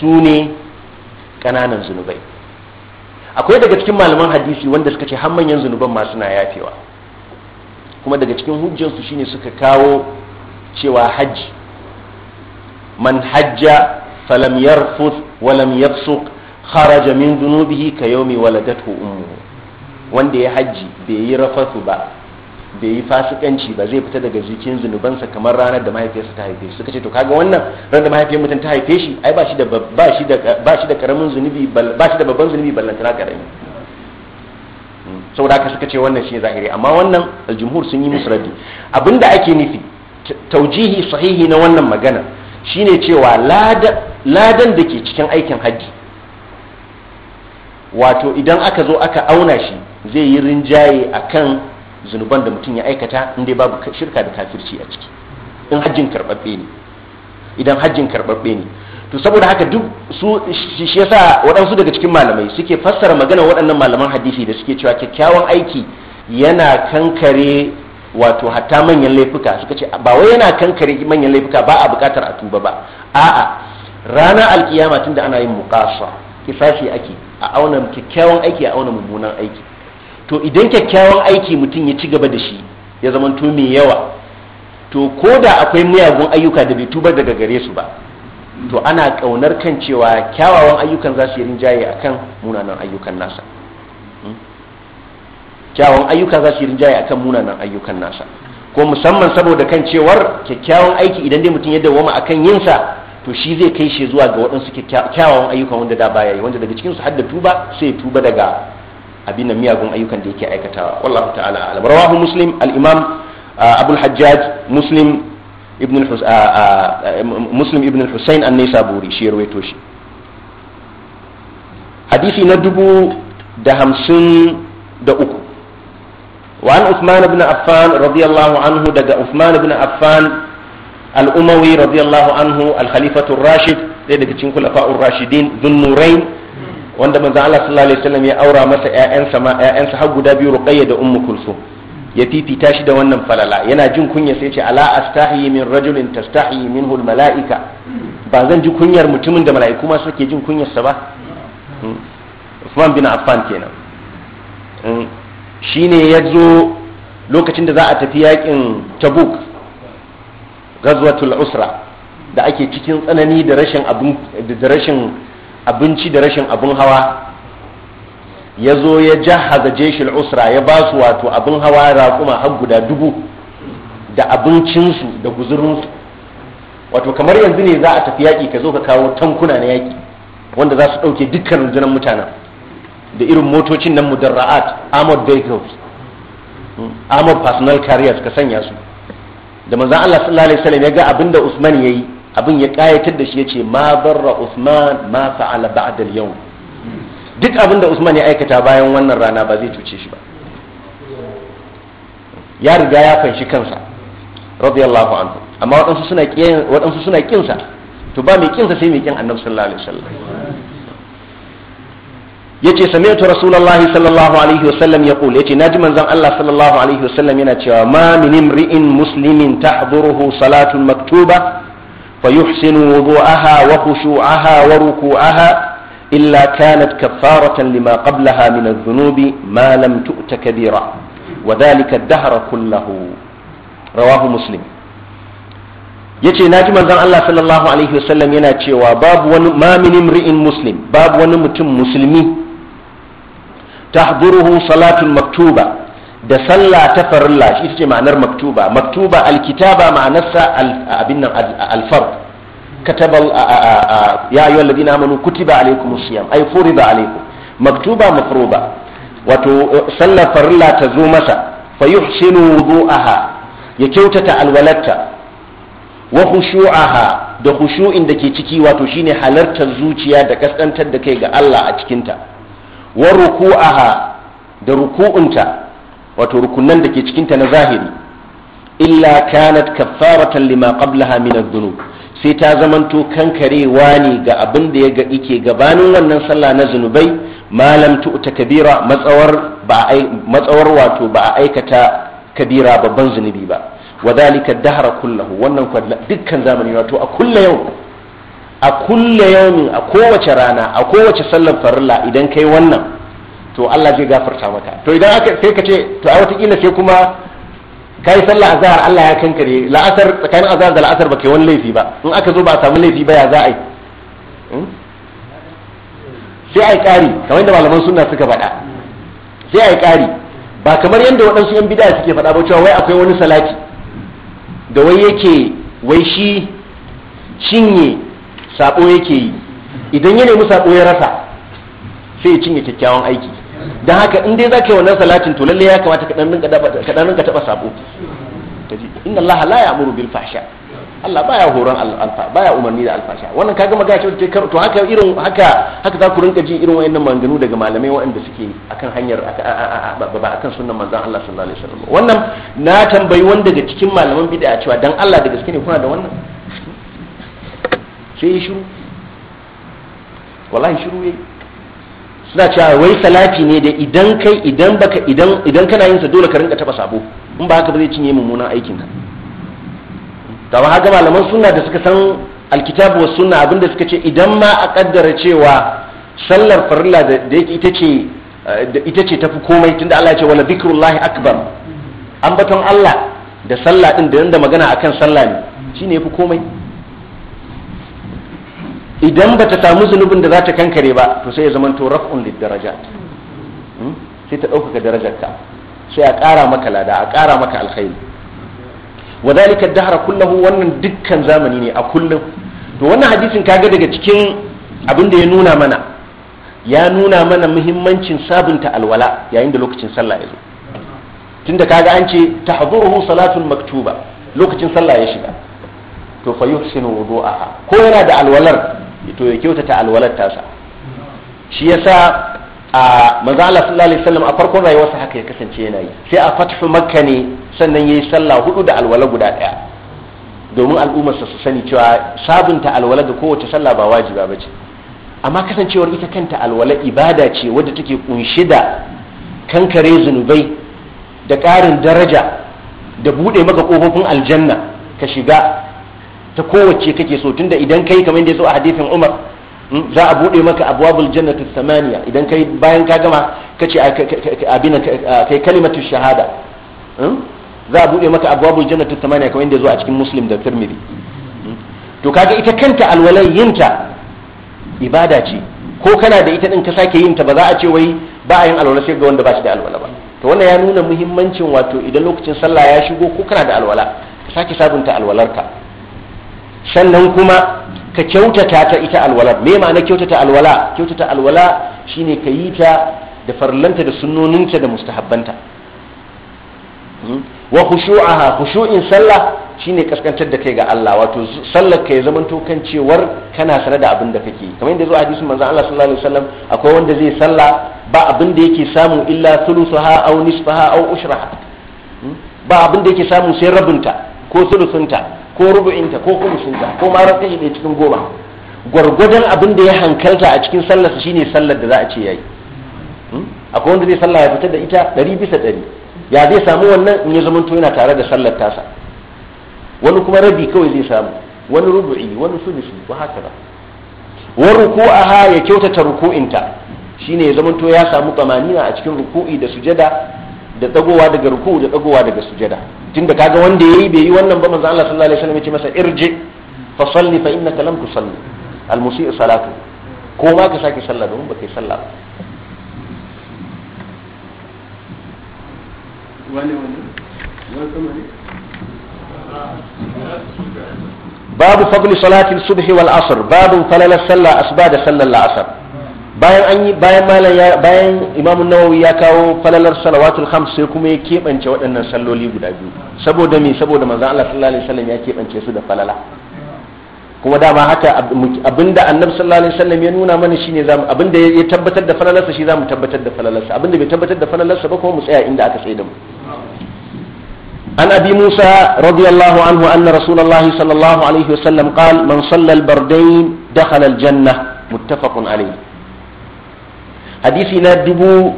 Speaker 1: su ne ƙananan zunubai akwai daga cikin malaman hadisi wanda suka ce har manyan zunuban ma suna yafewa kuma daga cikin shi shine suka kawo cewa hajji man hajja falam walamyar lam yafsuq kharaja min dhunubihi ka yawmi waladatu ummuhu wanda ya hajji bai yi rafasu ba bai yi fasikanci ba zai fita daga zikin zunubansa kamar ranar da mahaifiyarsa ta haife shi suka ce to kaga wannan ranar da mahaifiyar mutum ta haife shi ai ba shi da ba shi da ba shi da karamin zunubi ba shi da babban zunubi ballantana karami hmm. saboda haka suka ce wannan shi zahiri amma wannan aljumhur sun yi musu raddi abinda ake nufi taujihi sahihi na wannan magana shine cewa ladan da ke cikin aikin hajji wato idan aka zo aka auna shi zai yi rinjaye akan zunuban da mutum ya aikata in dai babu shirka da kafirci a ciki in hajjin karɓaɓɓe ne idan hajjin karɓaɓɓe ne to saboda haka duk su shi yasa waɗansu daga cikin malamai suke fassara magana waɗannan malaman hadisi da suke cewa kyakkyawan aiki yana kankare wato hatta manyan laifuka suka ce ba wai yana kankare manyan laifuka ba a buƙatar a tuba ba a'a ranar alkiyama tunda ana yin muqasa kisashi ake a auna kyakkyawan aiki a auna mummunan aiki to idan kyakkyawan aiki mutum ya ci gaba da shi ya zamanto mai yawa to ko da akwai miyagun ayyuka da bai tubar daga gare su ba to ana kaunar kan cewa kyawawan ayyukan za su yi rinjaye a kan munanan ayyukan nasa hmm? kyawawan ayyuka za su yi rinjaye a kan munanan ayyukan nasa ko musamman saboda kan cewar kyakkyawan aiki idan dai mutum ya dawoma akan yinsa to shi zai kai shi zuwa ga waɗansu kyawawan ayyukan wanda da baya yi wanda daga cikinsu su hadda tuba sai tuba daga abinda miyagun ayyukan da yake aikatawa wallahu ta'ala ala rawahu muslim al-imam uh, abul hajjaj muslim ibn al-husayn uh, uh, muslim ibn al-husayn an-nisaburi shi rawaito shi hadisi na dubu da hamsin da uku wa an bin ibn affan radiyallahu anhu daga usman ibn affan al-umawi radiyallahu anhu al-khalifatu ar-rashid daya daga cikin khulafa'ur-rashidin dhun-nurayn wanda manzon Allah sallallahu alaihi wasallam ya aura masa ƴaƴansa ma ƴaƴansa har guda biyu Ruqayya da Ummu Kulsum ya fifita shi da wannan falala yana jin kunya sai ce ala astahi min rajulin tastahi minhu almalaika ba zan ji kunyar mutumin da mala'iku ma suke jin kunyarsa ba hmm. Usman bin Affan kenan hmm. shine ya zo lokacin da za a tafi yakin Tabuk Ghazwatul Usra da ake cikin tsanani da rashin abin da rashin abinci da rashin abin hawa ya zo ya jahaza jeshil usra ya ba su wato abin hawa raƙuma har guda dubu da abincinsu da guzurinsu wato kamar yanzu ne za a tafi yaƙi ka zo ka kawo tankuna na yaƙi wanda za su ɗauke dukkan rundunar mutanen da irin motocin nan mudarra'at armored vehicles hmm, armored personal carriers ka sanya su da manzan Allah sallallahu alaihi wasallam ya ga abinda Usman ya yi. abin ya kayatar da shi ya ce ma barra usman ma fa'ala ba'dal al-yawm duk abin da usman ya aikata bayan wannan rana ba zai cuce shi ba ya riga ya fanshi kansa radiyallahu anhu amma waɗansu suna kiyan waɗansu suna kinsa to ba mai kinsa sai mai kin annabi sallallahu alaihi wasallam yace sami'tu rasulullahi sallallahu alaihi wasallam yaqul yace naji manzon Allah sallallahu alaihi wasallam yana cewa ma min imri'in muslimin tahduruhu salatun maktuba فيحسن وضوءها وخشوعها وركوعها إلا كانت كفارة لما قبلها من الذنوب ما لم تؤت كبيرا وذلك الدهر كله رواه مسلم يتي ناجم أنظر الله صلى الله عليه وسلم يناجي وباب ما من امرئ مسلم باب ونمت مسلمي تحضره صلاة مكتوبة da sallah ta farilla shi ce ma'anar maktuba maktuba alkitaba ma'anarsa abin nan alfar katabal ya ayyuhal ladina amanu kutiba alaykumus siyam ay furida alaykum maktuba mafruba wato sallar farilla ta zo masa fa yuhsinu wudu'aha ya kyautata alwalatta wa khushu'aha da khushu'in da ke ciki wato shine halartar zuciya da kaskantar da kai ga Allah a cikinta wa ruku'aha da ruku'unta wato rukunan da ke cikinta na zahiri illa kanat kaffaratan lima qablaha min adh-dhunub sai ta zamanto kankarewa ne ga abin da ya ga ike gabanin wannan sallah na zunubai malam ta kabira matsawar ba matsawar wato ba a aikata kabira babban zunubi ba wa dhalika dahra kullahu wannan dukkan zamani wato a kullu yau a kullu yau a kowace rana a kowace sallar farilla idan kai wannan to Allah zai gafarta maka to idan aka sai ka ce to ai wataƙila sai kuma ka yi sallah azhar Allah ya kankare la'asar tsakanin azhar da la'asar ba kai wani laifi ba in aka zo ba a samu laifi ba ya za a yi hmm? sai a yi ƙari kamar yadda malaman sunna suka faɗa sai a yi ƙari ba kamar yadda waɗansu yan bida suke faɗa ba cewa wai akwai wani salati da wai yake wai shi cinye saɓo yake yi idan ya nemi sabo ya rasa sai ya cinye kyakkyawan aiki don haka in dai za ka yi wannan salatin to lalle ya kamata ka ɗan rinka taɓa sabo inna allaha la ya'muru bil fahsha Allah baya horon alfa baya umarni da alfasha wannan kaga magana ce to haka irin haka haka za ku rinka ji irin wayannan manganu daga malamai waɗanda suke akan hanyar ba akan sunnan manzon Allah sallallahu alaihi wasallam wannan na tambayi wanda daga cikin malaman bid'a cewa dan Allah da gaske ne kuna da wannan sai shiru wallahi shiru yayi suna cewa wai salati ne da idan kai idan baka idan idan kana yin sa dole ka rinka taba sabo in ba haka ba zai cinye mummunan aikin ka to ba haka malaman sunna da suka san alkitabu was sunna abinda suka ce idan ma a kaddara cewa sallar farilla da ita ce ita ce tafi komai tunda Allah ya ce wala zikrullahi akbar ambaton Allah da sallah din da magana akan sallah ne shine yafi komai idan ba ta samu zunubin da za ta kankare ba to sai ya zama to raf'un lid daraja hmm? sai ta ɗaukaka darajarka sai a ƙara maka lada a ƙara maka alkhairi wa dalika dahra kullahu wannan dukkan zamani ne a kullum to wannan hadisin kaga daga cikin abin da ya nuna mana ya nuna mana muhimmancin sabunta alwala yayin da lokacin sallah ya zo tunda kaga an ce tahduruhu salatun maktuba lokacin sallah ya shiga to fa yuhsinu wudu'aha ko yana da alwalar to ya kyautata alwalar tasa shi yasa a maza Allah sallallahu alaihi wasallam a farkon rayuwarsa haka ya kasance yana yi sai a fatfu makka ne sannan yayi sallah hudu da alwala guda daya domin al'ummarsa su sani cewa sabunta alwala da kowace sallah ba wajiba bace amma kasancewar ita kanta alwala ibada ce wadda take kunshi da kankare zunubai da ƙarin daraja da buɗe maka kofofin aljanna ka shiga ta kowace kake so tunda idan kai kamar da ya so a hadisin Umar hmm, za a bude maka abwabul jannati samaniya idan kai bayan ka gama kace abin kai kalimatu shahada hmm? za a bude maka abwabul jannati samaniya kamar da ya zo a cikin Muslim da Tirmidhi hmm? to kaga ita kanta alwalai yinta ibada ce ko kana da ita din ka sake yin ta ba za a ce wai ba a yin alwala sai ga wanda ba shi da alwala ba to wannan ya nuna muhimmancin wato idan lokacin sallah ya shigo ko kana da alwala ka sake sabunta alwalarka sannan kuma ka kyautata ta ita alwala me ma'ana kyautata alwala kyautata alwala shine ka yi ta da farlanta da sunnoninta da mustahabbanta hmm? wa khushu'aha khushu'in sallah shine kaskantar da kai ga Allah wato sallar ka ya zamanto kan cewar kana sanar da abin da kake kamar yadda zo a hadisin manzon Allah sallallahu alaihi wasallam akwai wanda zai salla ba abin da yake samu illa thuluthaha aw nisfaha aw ushraha hmm? ba abin da yake samu sai rabinta ko thuluthunta ko rubu'inta ko sunta ko ma ran kashi ɗaya cikin goma gwargwadon abin da ya hankalta a cikin sallarsa shine sallar da za a ce yayi hmm? akwai wanda zai sallah ya fitar da ita ɗari bisa ɗari ya zai samu wannan in ya zamanto yana tare da sallar tasa wani kuma rabi kawai zai samu wani rubu'i wani sulusi ko haka ba a ruku'aha ya kyautata ruku'inta shine ya zamanto ya samu tsamanina a cikin ruku'i da sujada da dagowa daga ruku da dagowa daga sujada tunda kaga wanda yayi bai yi wannan ba manzo Allah sallallahu alaihi wasallam ya ce masa irji fa salli fa innaka lam tusalli al musii salatu ko ma ka saki sallah don ba kai sallah ba babu fadli salati subhi wal asr babu falala sallah asbada sallar asr bayan an yi bayan malam ya bayan imamu nawawi ya kawo falalar salawatul khams sai kuma ya keɓance waɗannan salloli guda biyu saboda me saboda manzon Allah sallallahu alaihi wasallam ya keɓance su da falala kuma dama haka abinda annabi sallallahu alaihi wasallam ya nuna mana shine zamu abinda ya tabbatar da falalarsa shi zamu tabbatar da falalarsa abinda bai tabbatar da falalarsa ba kuma mu tsaya inda aka tsaye da mu an أبي musa radiyallahu anhu anna أن sallallahu الله صلى الله عليه وسلم قال من صلى البردين دخل الجنة متفق عليه hadisi na dubu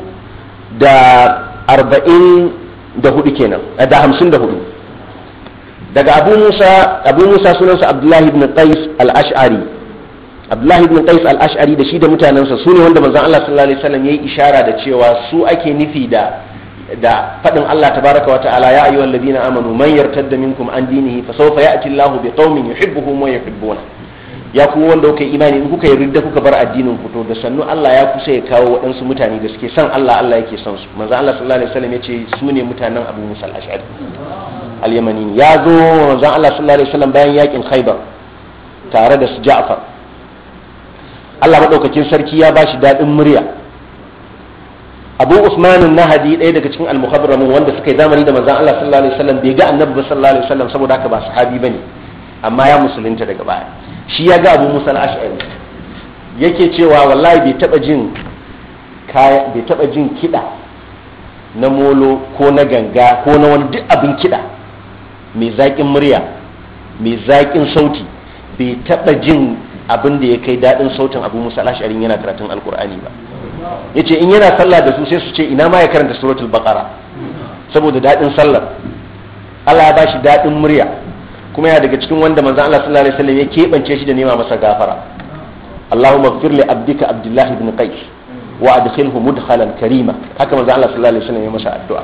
Speaker 1: da arba'in da hudu kenan eh, da hamsin da hudu daga abu musa abu musa sunansa abdullahi ibn qais al-ash'ari abdullahi ibn qais al-ash'ari da shi da mutanensa su ne wanda manzon Allah sallallahu alaihi wasallam yayi ishara da cewa su ake nufi da da fadin Allah tabaraka wa ta'ala ya ayyuhal ladina amanu man yartadda minkum an dinihi fa sawfa ya'ti Allahu bi qaumin yuhibbuhum wa yuhibbuna ya kuma wanda kuka yi imani in kuka yi ridda kuka bar addinin ku to da sannu Allah ya kusa ya kawo waɗansu mutane da suke son Allah Allah yake son su manzo Allah sallallahu alaihi wasallam yace su ne mutanen Abu Musa al-Ash'ari al-Yamani ya zo manzo Allah sallallahu alaihi wasallam bayan yakin Khaibar tare da su Ja'far Allah madaukakin sarki ya bashi dadin murya Abu Usman an-Nahdi ɗaya daga cikin al-muhadramun wanda suka yi zamani da manzo Allah sallallahu alaihi wasallam bai ga Annabi sallallahu alaihi wasallam saboda haka ba sahabi bane amma ya musulunta daga baya shi ya ga musa al-ash'ari yake cewa wallahi bai taba jin kaya kida na molo ko na ganga ko na wani duk abin kida mai zaƙin murya mai zaƙin sauti bai taba jin abin da ya kai daɗin sautin abu musa al yana karatun alkur'ani ba
Speaker 2: yace in yana sallah da
Speaker 1: su sai su ce ina ma ya karanta suratul baqara saboda daɗin sallar Allah ya shi daɗin murya kuma yana daga cikin wanda manzan Allah sallallahu alaihi wasallam ya keɓance shi da nema masa gafara Allahumma ighfir li abdika Abdullah ibn Qais wa adkhilhu mudkhalan karima haka manzan Allah sallallahu alaihi wasallam ya masa addu'a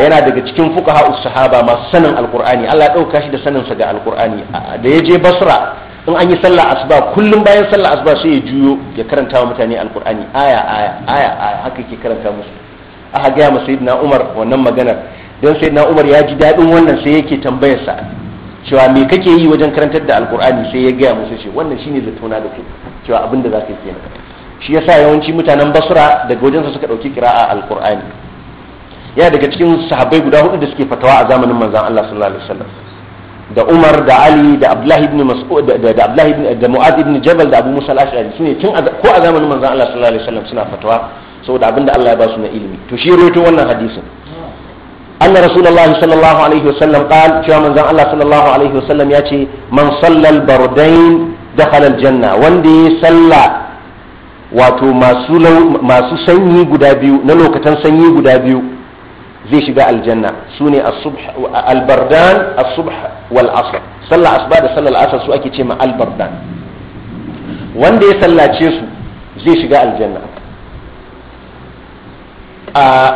Speaker 1: yana daga cikin fuqaha sahaba masu sanin alqur'ani Allah ya dauka shi da sanin sa ga alqur'ani da ya je Basra in an yi sallah asuba kullum bayan sallah asuba sai ya juyo ya karanta wa mutane alqur'ani aya aya aya aya haka yake karanta musu aka gaya ma sayyidina Umar wannan maganar don sai na umar ya ji daɗin wannan sai yake tambayarsa cewa me kake yi wajen karantar da alkur'ani sai ya gaya musu ce wannan shine zatona da ku cewa abin da za ka yi shi yasa yawanci mutanen basra daga su suka ɗauki kira'a alkur'ani ya daga cikin sahabbai guda hudu da suke fatawa a zamanin manzon Allah sallallahu alaihi wasallam da Umar da Ali da Abdullahi ibn Mas'ud da Abdullahi ibn da Mu'adh ibn Jabal da Abu Musa al-Ash'ari sune tun ko a zamanin manzon Allah sallallahu alaihi wasallam suna fatawa saboda abinda Allah ya ba su na ilimi to shi rawaito wannan hadisin أن رسول الله صلى الله عليه وسلم قال شو من زمان الله صلى الله عليه وسلم يأتي من صلى البردين دخل الجنة وندي masu sanyi guda biyu na lokacin sanyi guda biyu zai shiga aljanna su ne albardan asubh wal asr sallah asuba da sallar asar su ake ce ma albardan wanda ya sallace su zai shiga aljanna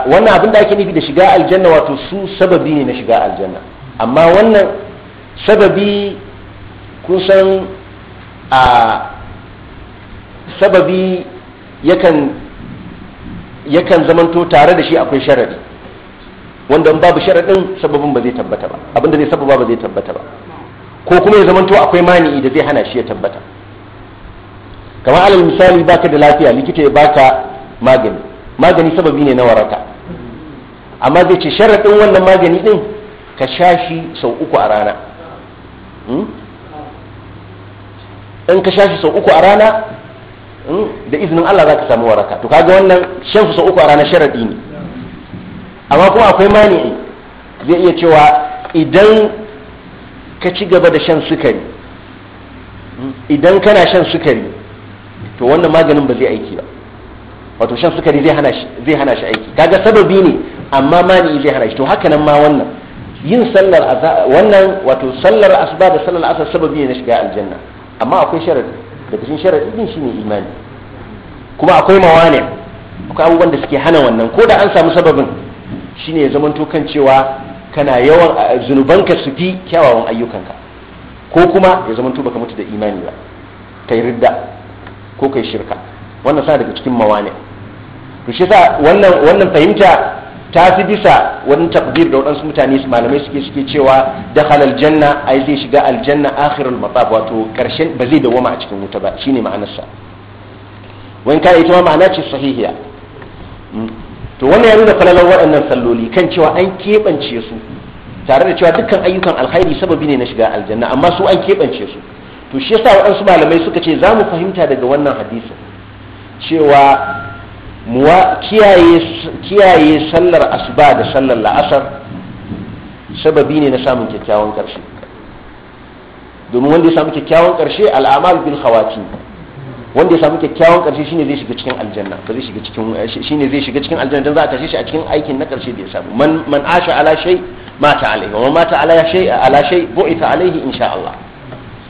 Speaker 1: wannan abin da ake nufi da shiga aljanna wato su sababi ne na shiga aljanna amma wannan sababi kusan a sababi yakan yakan zamanto tare da shi akwai sharadi wanda babu sharadin sababin ba zai tabbata ba abinda zai sababa ba zai tabbata ba ko kuma ya zamanto akwai mani'i da zai hana shi ya tabbata kamar alal misali baka da lafiya likita ya baka magani magani sababi ne na waraka amma zai ce sharaɗin wannan magani ɗin ka sha shi sau uku a rana hmm? in ka sha shi sau uku a rana hmm, da izinin Allah za ka samu waraka to kaga wannan shan su sau uku a rana sharaɗi ne amma kuma akwai mani zai iya cewa idan ka ci gaba da shan sukari hmm, idan kana shan sukari to wannan maganin ba zai aiki ba wato shan sukari zai hana shi aiki kaga sababi ne amma mani zai hana shi to haka nan ma wannan yin sallar wannan wato sallar asuba da sallar asar sababi ne na shiga aljanna amma akwai sharadi daga cikin sharadi din shine imani kuma akwai mawani akwai abubuwan da suke hana wannan ko da an samu sababin shine ya zamanto kan cewa kana yawan zunubanka su fi kyawawan ka ko kuma ya zamanto baka mutu da imani ba kai ridda ko kai shirka wannan sa daga cikin mawani' to shi sa wannan fahimta ta fi bisa wani takbir da waɗansu mutane malamai suke suke cewa dakhala janna ai zai shiga aljanna akhirul matab wato karshen ba zai dawoma a cikin wuta ba shine ma'anarsa wani ita ma ma'ana ce sahihiya hmm. to wannan ya nuna falalar waɗannan salloli kan cewa an keɓance su tare da cewa dukkan ayyukan alkhairi sababi ne na shiga aljanna amma su an keɓance su to shi yasa waɗansu malamai suka ce za mu fahimta daga wannan hadisin cewa muwa kiyaye sallar asuba da sallar la'asar sababi ne na samun kyakkyawan ƙarshe domin wanda ya samu kyakkyawan ƙarshe al'amal bil khawati wanda ya samu kyakkyawan ƙarshe shine zai shiga cikin aljanna ba zai shiga cikin shine zai shiga cikin aljanna dan za a tashe shi a cikin aikin na ƙarshe da ya samu man man asha ala shay mata alaihi wa mata ala shay ala shay bu'ita alaihi insha Allah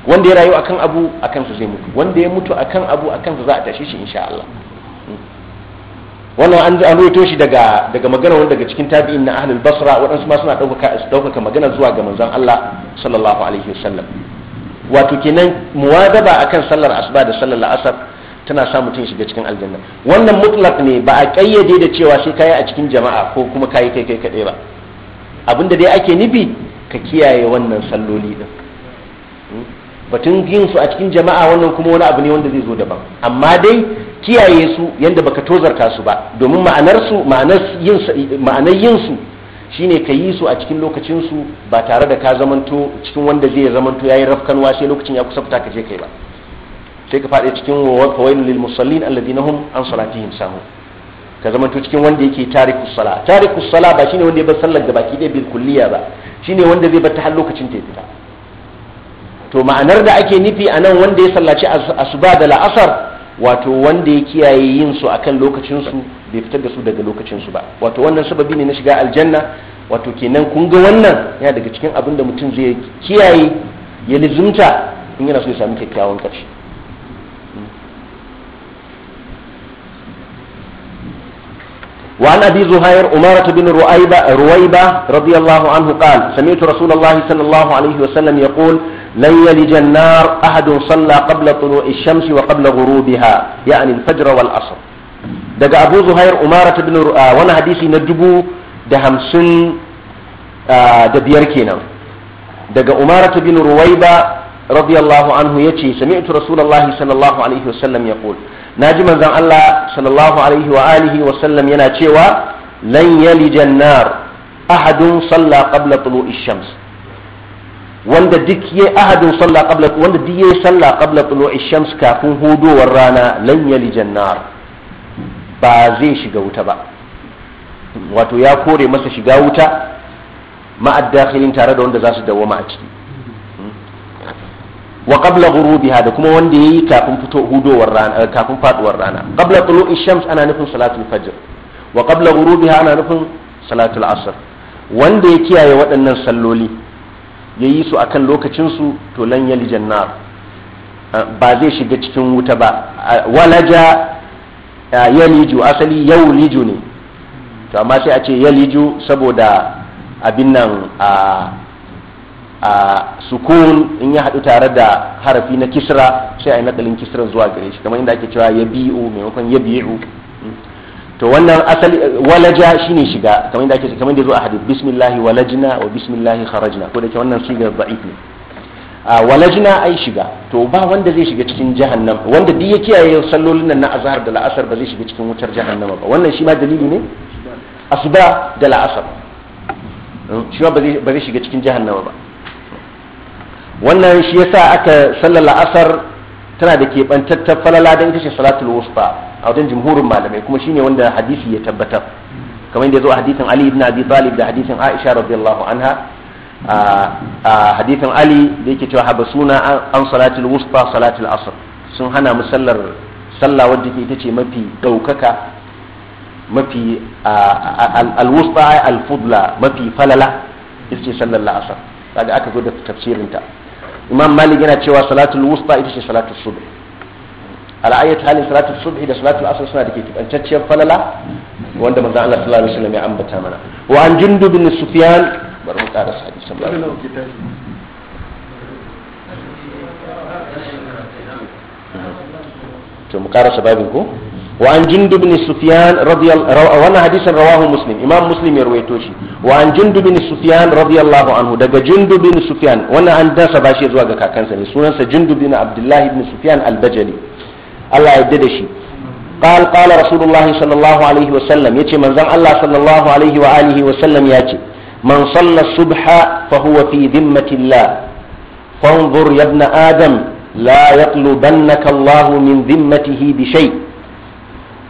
Speaker 1: wanda ya rayu akan abu akan sa zai mutu wanda ya mutu akan abu akan sa za a tashe shi insha Allah wannan an an ruwaito shi daga daga magana wanda daga cikin tabi'in na ahlul basra waɗansu ma suna ɗaukaka ɗaukaka magana zuwa ga manzon Allah sallallahu alaihi wasallam wato kenan muwadaba akan sallar asuba da sallar La'asar tana sa mutum shiga cikin aljanna wannan mutlak ne ba a kayyade da cewa sai kai a cikin jama'a ko kuma kai kai kai kadai ba abinda dai ake nufi ka kiyaye wannan salloli din hmm? batun yin su a cikin jama'a wannan kuma wani abu ne wanda zai zo daban amma dai kiyaye su yadda baka tozarta su ba domin ma'anarsu ma'anar yinsu ne ka yi su a cikin lokacinsu ba tare da ka zamanto cikin wanda zai zamanto yi rafkanwa sai lokacin ya kusa fita ka je kai ba sai ka faɗi cikin wawailun lil musallin na hum an yin samu ka zamanto cikin wanda yake tariku sala tariku sala ba shine wanda ya bar sallar da baki ɗaya bil kulliya ba shine wanda zai bar ta har lokacin ta fita to ma'anar da ake nufi a nan wanda ya sallaci asuba da la'asar wato wanda ya kiyaye yin su akan lokacin su bai fitar da su daga lokacin su ba wato wannan sababi ne na shiga aljanna wato kenan kun ga wannan yana daga cikin abin da mutum zai kiyaye ya lizumta in yana so ya sami kyakkyawan ƙarshe وعن أبي زهير أمارة بن رؤيبة, رويبة رضي الله عنه قال سمعت رسول الله صلى الله عليه وسلم يقول لن يلج النار أحد صلى قبل طلوع الشمس وقبل غروبها يعني الفجر والعصر دقى أبو زهير أمارة بن رؤى وانا حديثي ندبو دهمسن دبير كينا دقى أمارة بن رويبة رضي الله عنه يتي سمعت رسول الله صلى الله عليه وسلم يقول na ji manzan Allah sallallahu alaihi wa alihi wa sallam yana cewa lan yali jannar ahadun salla qabla ash shams wanda duk ye ahadun salla qabla wanda duk ye salla qabla ash shams kafin hudowar rana lan yali jannar ba zai shiga wuta ba wato ya kore masa shiga wuta ma'ad dakhilin tare da wanda zasu dawo ma a ciki wa qabla ghurubiha da kuma wanda yayi kafin fito hudowar rana eh, kafin faduwar rana qabla tulu'i shams ana nufin salatul fajr wa qabla ghurubiha ana nufin salatul asr wanda ya kiyaye waɗannan salloli yayi su akan lokacin su to lan yali jannar eh, ba zai shiga cikin wuta ba walaja yaliju asali yauliju ne to amma sai a ce yaliju saboda abin nan a a sukun in ya haɗu tare da harafi na kisra sai a yi naɗalin kisra zuwa gare shi kamar inda ake cewa ya bi'u maimakon ya bi'u to wannan asali walaja shine shiga kamar inda ake kamar inda zo a hadith bismillahi walajna wa bismillahi kharajna ko da ke wannan shiga da'if ne a walajna ai shiga to ba wanda zai shiga cikin jahannam wanda duk ya kiyaye sallolin nan na azhar da la'asar ba zai shiga cikin wutar jahannama ba wannan shi ma dalili ne asuba da la'asar hmm? shi ba zai shiga cikin jahannama ba wannan shi yasa aka sallar la'asar tana da keɓantattar falala don kashe salatul wusta a wajen jimhurin malamai kuma shine wanda hadisi ya tabbatar kamar yadda zo a hadisin Ali ibn Abi Talib da hadisin Aisha radiyallahu anha a hadisin Ali da yake cewa suna an salatul wusta salatul asr sun hana mu sallar sallah wadda ita ce mafi daukaka mafi al al-fudla mafi falala ita ce sallar la'asar kaga aka zo da tafsirinta imam malik yana cewa salatul wusta ita ce salatul subh al'ayyat halin salatul subh da salatul asr suna da ke kibantacciyar falala wanda manzo Allah sallallahu alaihi wasallam ya ambata mana wa an jundub bin sufyan bari mu karasa alaihi ba to mu karasa babin ko وعن جند بن سفيان رضي الله وانا حديث رواه مسلم امام مسلم يرويته شي وعن جند بن سفيان رضي الله عنه دغ جند بن سفيان وانا ان داسا باشي زوا ga kakansa ne sunansa جند بن عبد الله بن سفيان البجلي
Speaker 2: الله يدده shi
Speaker 1: قال قال رسول الله صلى الله عليه وسلم yace manzon Allah sallallahu alaihi wa alihi wa sallam yace man salla subha fa huwa fi dhimmati Allah fanzur ya ibn adam la yatlubannaka Allah min dhimmatihi bi shay'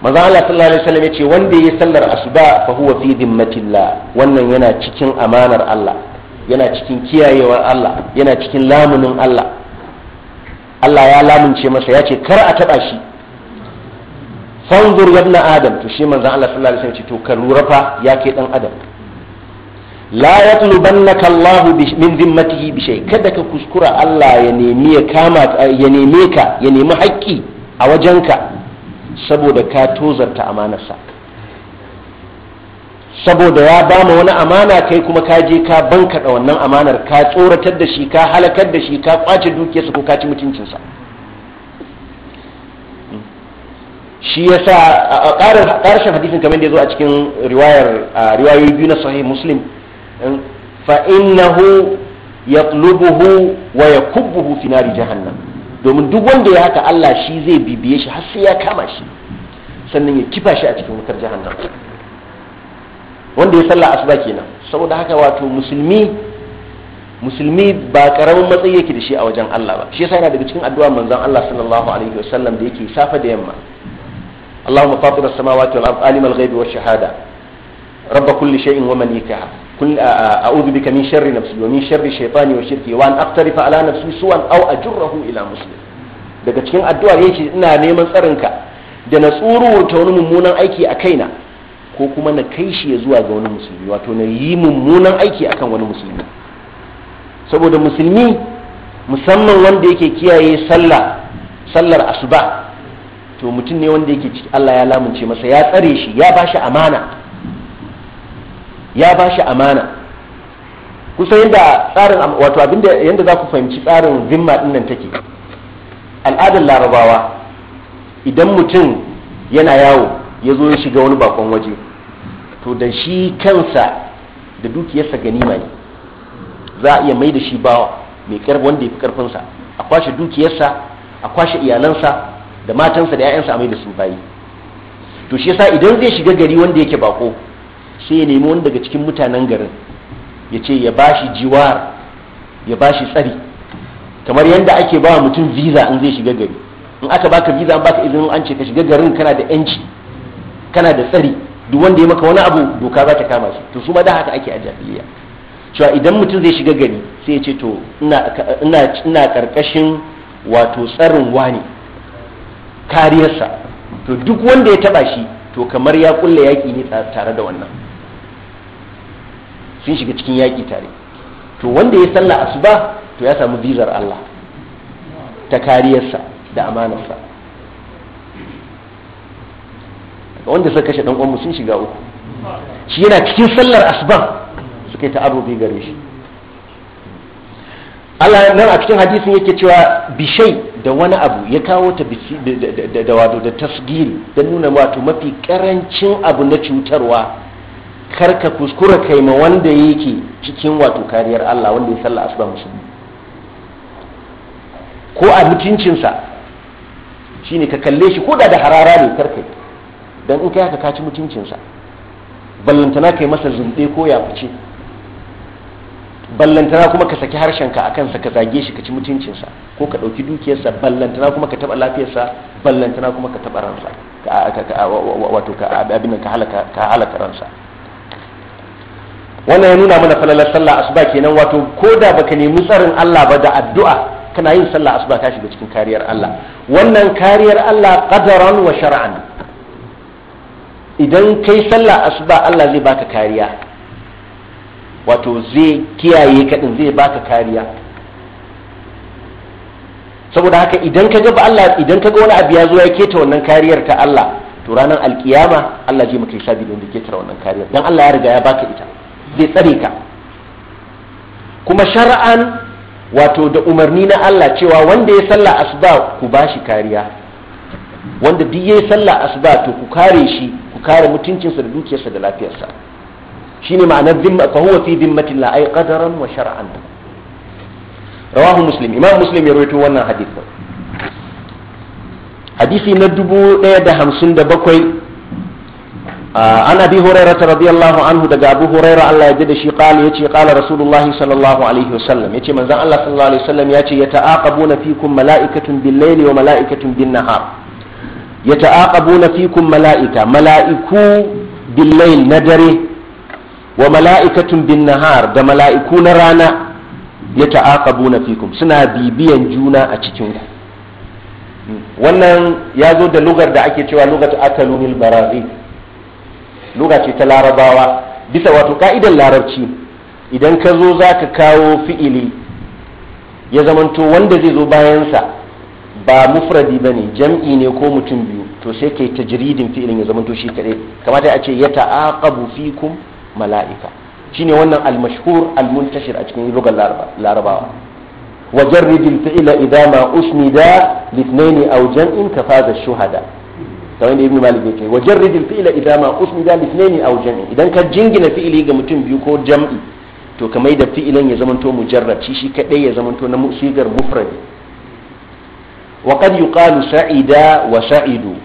Speaker 1: manzo Allah sallallahu alaihi wasallam yace wanda yayi sallar asuba fa huwa fi dhimmatillah wannan yana cikin amanar Allah yana cikin kiyayewar Allah yana cikin lamunin Allah Allah ya lamunce masa yace kar a taba shi fanzur ibn adam to shi manzo Allah sallallahu alaihi wasallam yace to ka lura ya kai dan adam la yatlubannaka Allah min dhimmatihi bi shay kada ka kuskura Allah ya nemi ya kama ya neme ka ya nemi haƙƙi a wajenka saboda ka tozarta amanarsa saboda ya ba mu wani amana kai kuma ka je ka banka da wannan amanar ka tsoratar da shi ka halakar da shi ka kwace dukiyarsa ko ka ci mutuncinsa shi ya sa a ƙarshen hadisin kamar da ya zo a cikin riwayoyi biyu na sahih muslim fa ya wa yakubbuhu fi nari jahannam domin duk wanda ya haka Allah shi zai bibiye shi har sai ya kama shi sannan ya kifa shi a cikin wutar jahannam wanda ya sallah asuba kenan saboda haka wato musulmi musulmi ba karamin matsayi yake da shi a wajen Allah ba shi yasa yana daga cikin addu'a manzon Allah sallallahu alaihi wasallam da yake safa da yamma Allahumma fatir as-samawati wal ardi alim al-ghaibi wash-shahada rabb kulli shay'in wa malikaha كل أعوذ بك من شر sharri shaytani wa shirki wa an aqtarifa ala nafsi سوءا aw أجره ila muslim daga cikin addu'a yake ina neman tsarinka da na tsuruwar ta wani mummunan aiki a kaina ko kuma na kai shi zuwa ga wani musulmi wato na yi mummunan aiki akan wani musulmi saboda musulmi musamman wanda yake kiyaye sallah sallar asuba to mutum ne wanda yake ciki Allah ya lamunce masa ya tsare shi ya bashi amana ya ba shi amana kusan yadda tsarin wato abinda yadda za ku fahimci tsarin zimma din nan take al'adar larabawa idan mutum yana yawo ya zo ya shiga wani bakon waje to da shi kansa da dukiyarsa ganima ne za a iya mai da shi bawa mai karfi wanda ya fi karfinsa a kwashe dukiyarsa a kwashe iyalansa da matansa da 'ya'yansa a mai da su bayi to shi yasa idan zai shiga gari wanda yake bako sai ya nemi wani daga cikin mutanen garin ya ce ya bashi jiwar ya bashi tsari kamar yadda ake ba wa mutum visa in zai shiga gari in aka baka visa an baka izinin an ce ka shiga garin kana da yanci kana da tsari duk wanda ya maka wani abu doka za ta kama shi to su ma da haka ake a jahiliya cewa idan mutum zai shiga gari sai ya ce to ina karkashin wato tsarin wani kariyarsa to duk wanda ya taba shi to kamar ya kulle yaki ne tare da wannan sun shiga cikin yaƙi tare to wanda ya sallah asuba to ya samu bizar Allah ta kariyarsa da amanarsa wanda suka kashe ɗan'uwanmu sun shiga uku
Speaker 2: shi yana cikin sallar
Speaker 1: asuba suka yi ta'arrufi gare shi Allah nan a cikin hadisin yake cewa bishai da wani abu ya kawo ta da wato da tasgiri don nuna wato mafi karancin abu na cutarwa kar ka kuskura kai ma wanda yake cikin wato kariyar Allah wanda ya sallah asuba musulmi ko a mutuncinsa shine ka kalle shi ko da da harara ne kar kai dan in kai haka ka ci mutuncinsa ballantana kai masa zunde ko ya fice ballantana kuma ka saki harshenka a kansa ka zage shi ka ci mutuncinsa ko ka ɗauki dukiyarsa ballantana kuma ka taɓa lafiyarsa ballantana kuma ka taɓa ransa wato ka abin ka halaka ransa wannan ya nuna mana falalar sallah asuba kenan wato ko da baka nemi tsarin Allah ba da addu'a kana yin sallah asuba ka shiga cikin kariyar Allah wannan kariyar Allah qadaran wa shar'an idan kai sallah asuba Allah zai baka kariya wato zai kiyaye ka din zai baka kariya saboda haka idan ka ga Allah idan ka ga wani abu ya zo ya keta wannan kariyar ta Allah to ranar alkiyama Allah zai maka hisabi da wanda ketara wannan kariyar dan Allah ya riga ya baka ita bai tsare ka kuma shar'an wato da umarni na Allah cewa wanda ya sallah asuba ku bashi kariya wanda duk yayi sallah asuba to ku kare shi ku kare mutuncinsa da dukiyarsa da lafiyarsa shine ma'anar dhimma fa huwa fi la ay qadaran wa shar'an rawahu muslim imam muslim ya rawaito wannan hadith hadisi na dubu bakwai. an abi ta radiyallahu anhu daga abu hurairah Allah ya ji da shi qala yace qala rasulullah sallallahu alaihi wasallam yace manzon Allah sallallahu alaihi wasallam yace yata'aqabuna fikum mala'ikatun bil-laili wa mala'ikatun bin-nahar yata'aqabuna fikum mala'ika mala'iku bil-lail na dare wa mala'ikatun bin-nahar da mala'iku na rana yata'aqabuna fikum suna bibiyan juna a cikin ku wannan ya zo da lugar da ake cewa lugar akalunil barari lokaci ta larabawa bisa wato ka'idar larabci idan ka zo za ka kawo fi'ili ya zamanto wanda zai zo bayansa ba mufradi ba ne jam'i ne ko mutum biyu to sai ka yi jiridin fi'ilin ya zamanto shi kaɗai kamata a ce ya ta'aqabu fikum mala'ika shine wannan almashhur almuntashir a cikin lugar larabawa wa jarridil fi'ila idza ma usnida wajen aw jam'in fada shuhada kamar da ibnu malik yake wa al fi'la idan ma usnida li ithnaini aw jam'i idan ka jingina fi'ili ga mutum biyu ko jam'i to kamar da fi'ilan ya zamanto mujarrad shi shi kadai ya zamanto na sigar mufrad wa qad yuqalu sa'ida wa sa'idu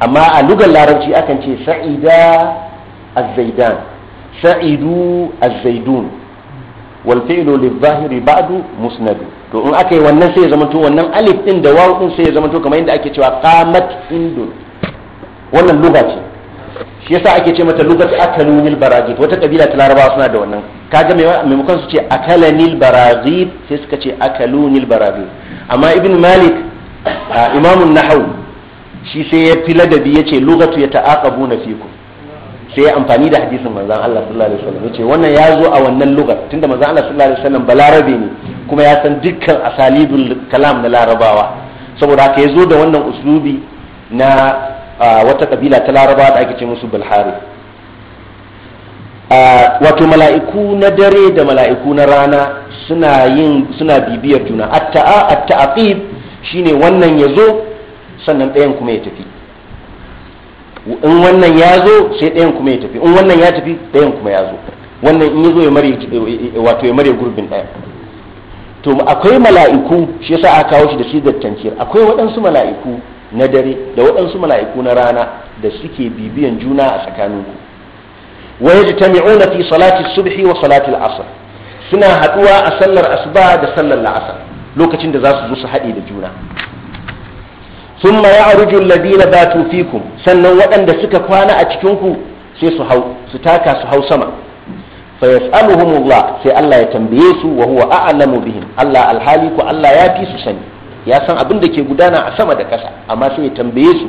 Speaker 1: amma a lugar larabci akan ce sa'ida az-zaidan sa'idu az-zaidun wal fi'lu lidh-dhahiri ba'du musnadu to in aka yi wannan sai ya zamanto wannan alif din da wawu din sai ya zamanto kamar yadda ake cewa qamat indun wannan luga ce shi yasa ake ce mata lugat akalunil baragit wata kabila ta larabawa suna da wannan kaga mai maimakon su ce akalanil baragit sai suka ce akalunil baragit amma ibn malik imamun nahawu shi sai ya fi ladabi ya ce lugatu ya na fiku sai ya amfani da hadisin manzon Allah sallallahu alaihi wasallam yace wannan ya zo a wannan lugar tunda manzon Allah sallallahu alaihi wasallam balarabe ne kuma ya san dukkan asalibul kalam na larabawa saboda haka ya zo da wannan uslubi na wata kabila ta laraba da ake ce musu bilhari wato mala'iku na dare da mala'iku na rana suna yin suna bibiyar juna atta'a atta'aqib shine wannan ya zo sannan ɗayan kuma ya tafi in wannan ya zo sai ɗayan kuma ya tafi in wannan ya tafi ɗayan kuma ya zo wannan in ya zo wato ya mare gurbin ɗaya to akwai mala'iku shi yasa aka kawo shi da shi da tankir akwai waɗansu mala'iku na dare da waɗansu mala'iku na rana da suke bibiyan juna a tsakaninku ta yajtami'una fi salati subhi wa salati al-asr suna haɗuwa a sallar asuba da sallar la'asar lokacin da za su zo su haɗe da juna thumma ya'ruju alladhina batu fikum sannan waɗanda suka kwana a cikin ku sai su hau su taka su hau sama fa yas'aluhumullah sai Allah ya tambaye su wa huwa a'lamu bihim Allah alhali ku Allah ya fi su sani ya san abin da ke gudana a sama da ƙasa amma sai ya tambaye su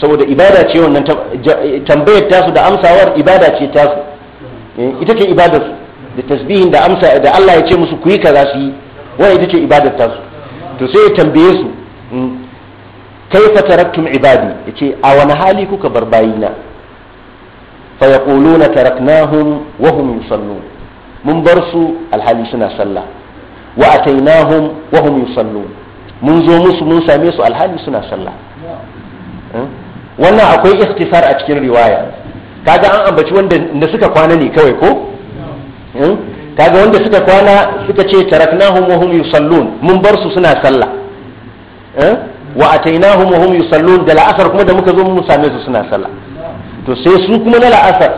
Speaker 1: saboda ibada ce wannan tambayar tasu da amsawar ibada ce tasu eh, ita ce ibadar su da tasbihin da amsa da Allah ya ce musu ku yi kaza su yi wannan ita ce ibadar tasu to sai ya tambaye su mm, kaifa taraktum ibadi yace a wani hali kuka bar bayina fa yaquluna taraknahum wa hum yusallun mun bar su alhali suna sallah wa ataynahum wa hum yusallun mun zo musu mun same su alhali suna sallah eh? wannan akwai istifar a cikin riwaya kaga an ambaci wanda da suka kwana ne kawai ko eh? kaga wanda suka kwana suka ce taraknahum wa hum yusallun mun bar su suna sallah eh? wa atainahum wa hum yusallun da la'asar kuma da muka zo mun same su suna sallah to sai su kuma na la'asar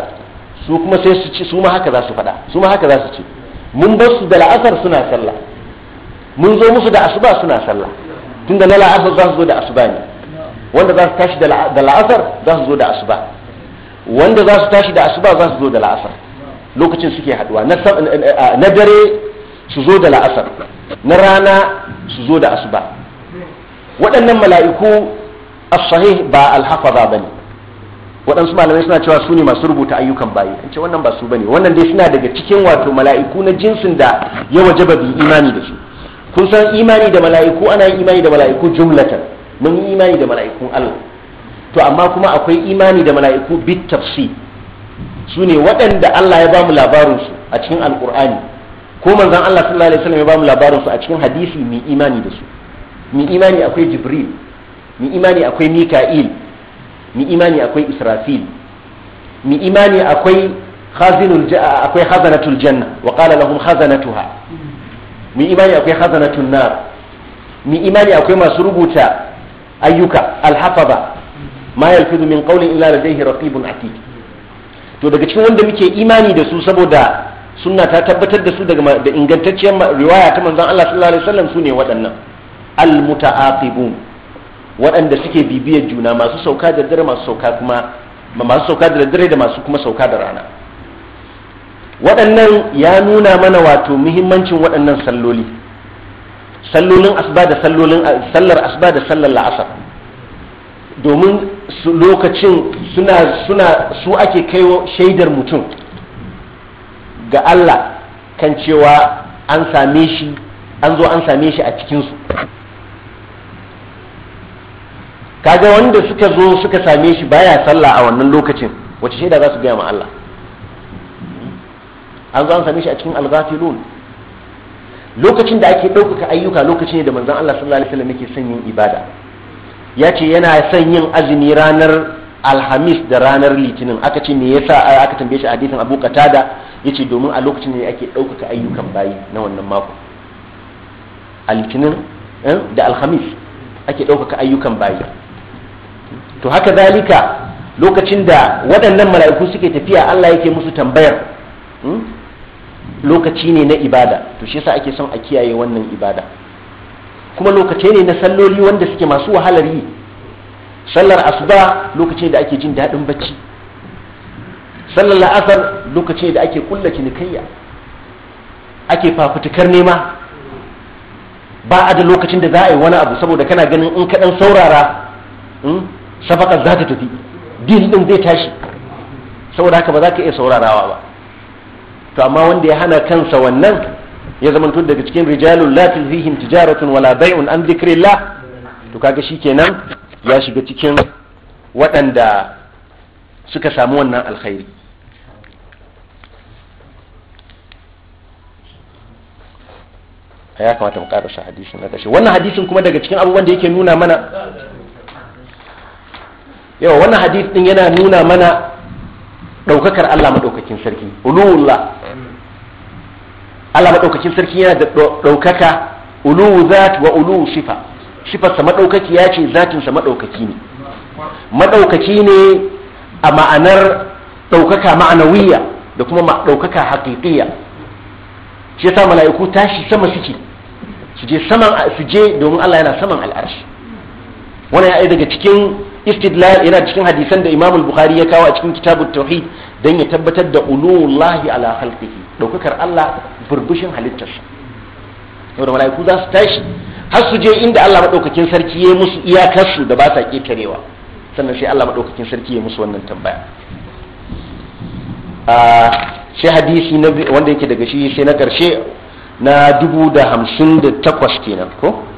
Speaker 1: su kuma sai su ci su ma haka za su faɗa su ma haka za su ci mun bar su da la'asar suna sallah mun zo musu da asuba suna sallah tunda na la'asar za su zo da asuba ne wanda za su tashi da la'asar za su zo da asuba wanda za su tashi da asuba za su zo da la'asar lokacin suke haduwa na dare su zo da la'asar na rana su zo da asuba waɗannan mala'iku as-sahih ba al-hafaza bane waɗansu malamai suna cewa su ne masu rubuta ayyukan bayi an ce wannan ba su bane wannan dai suna daga cikin wato mala'iku na jinsin da ya wajaba bi imani da su kun san imani da mala'iku ana imani da mala'iku jumlatan mun yi imani da mala'ikun Allah to amma kuma akwai imani da mala'iku bit tafsir su ne waɗanda Allah ya bamu labarin su a cikin alqur'ani ko manzon Allah sallallahu alaihi wasallam ya bamu labarin su a cikin hadisi mai imani da su mai imani akwai jibril mai imani akwai mika'il mai imani akwai israfil mai imani akwai khazinul akwai khazanatul janna wa qala lahum khazanatuha mu imani akwai hazana tunna mu imani akwai masu rubuta ayyuka alhafaba ma yalfidu min qawlin illa ladayhi raqibun atid to daga cikin wanda muke imani da su saboda sunna ta tabbatar da su daga da ingantacciyar riwaya ta manzon Allah sallallahu alaihi wasallam sune waɗannan almutaaqibun waɗanda suke bibiyar juna masu sauka da dare masu sauka kuma masu sauka da dare da masu kuma sauka da rana waɗannan ya nuna mana wato muhimmancin waɗannan salloli sallolin asba da sallolin sallar asba da sallar la'asar domin lokacin suna suna su ake kaiwa shaidar mutum ga Allah kan cewa an same shi an zo an same shi a cikinsu kaga wanda suka zo suka same shi baya sallah a wannan lokacin wace shaida za su gaya ma Allah an zan an same shi a cikin al-ghafilun lokacin da ake ɗaukaka ayyuka lokacin ne da manzon Allah sallallahu alaihi wasallam yake son yin ibada ya ce yana son yin azumi ranar alhamis da ranar litinin aka ce me yasa aka tambaye shi hadisin Abu Qatada yace domin a lokacin ne ake ɗaukaka ayyukan bayi na wannan mako a eh, da alhamis ake ɗaukaka ayyukan bayi to haka zalika lokacin da waɗannan mala'iku suke tafiya Allah yake musu tambayar hmm, lokaci ne na ibada to shi yasa ake son a kiyaye wannan ibada kuma lokaci ne na salloli wanda suke masu wahalar yi sallar asuba lokaci da ake jin daɗin bacci sallar la'asar lokaci da ake kulla cinikayya ake fafutukar nema ba a da lokacin da za a yi wani abu saboda kana ganin in kaɗan saurara hmm, safakar za ta tafi dil ɗin zai tashi saboda haka ba za ka iya saurarawa ba to amma wanda ya hana kansa wannan ya tun daga cikin rijalun latin zihin tijaratun wala bai'un an la to kaga shi kenan ya shiga cikin waɗanda suka samu wannan alkhairi a ya kamata mu karasa hadisin na ƙashe wannan hadisin kuma daga cikin abubuwan da yake nuna mana yawa wannan hadis din yana nuna mana ɗaukakar Allah maɗaukakin sarki uluwullah Allah maɗaukakin sarki yana da ɗaukaka uluwu zat wa uluwu shifa shifarsa maɗaukaki ya ce zatinsa maɗaukaki ne maɗaukaki ne a ma'anar ɗaukaka ma'anawiya da kuma ɗaukaka haƙiƙiya shi yasa mala'iku tashi sama suke su je saman su je domin Allah yana saman al'arshi wannan ya daga cikin istidlal yana cikin hadisan da imamul bukhari ya kawo a cikin kitabut tauhid dan ya tabbatar da ululahi ala khalqihi daukakar Allah burbushin yau saboda malaiku za su tashi har su je inda Allah madaukakin sarki ya musu iyakarsu da ba sa ketarewa sannan sai Allah madaukakin sarki ya musu wannan tambaya a sai hadisi na wanda yake daga shi sai na karshe na dubu da kenan ko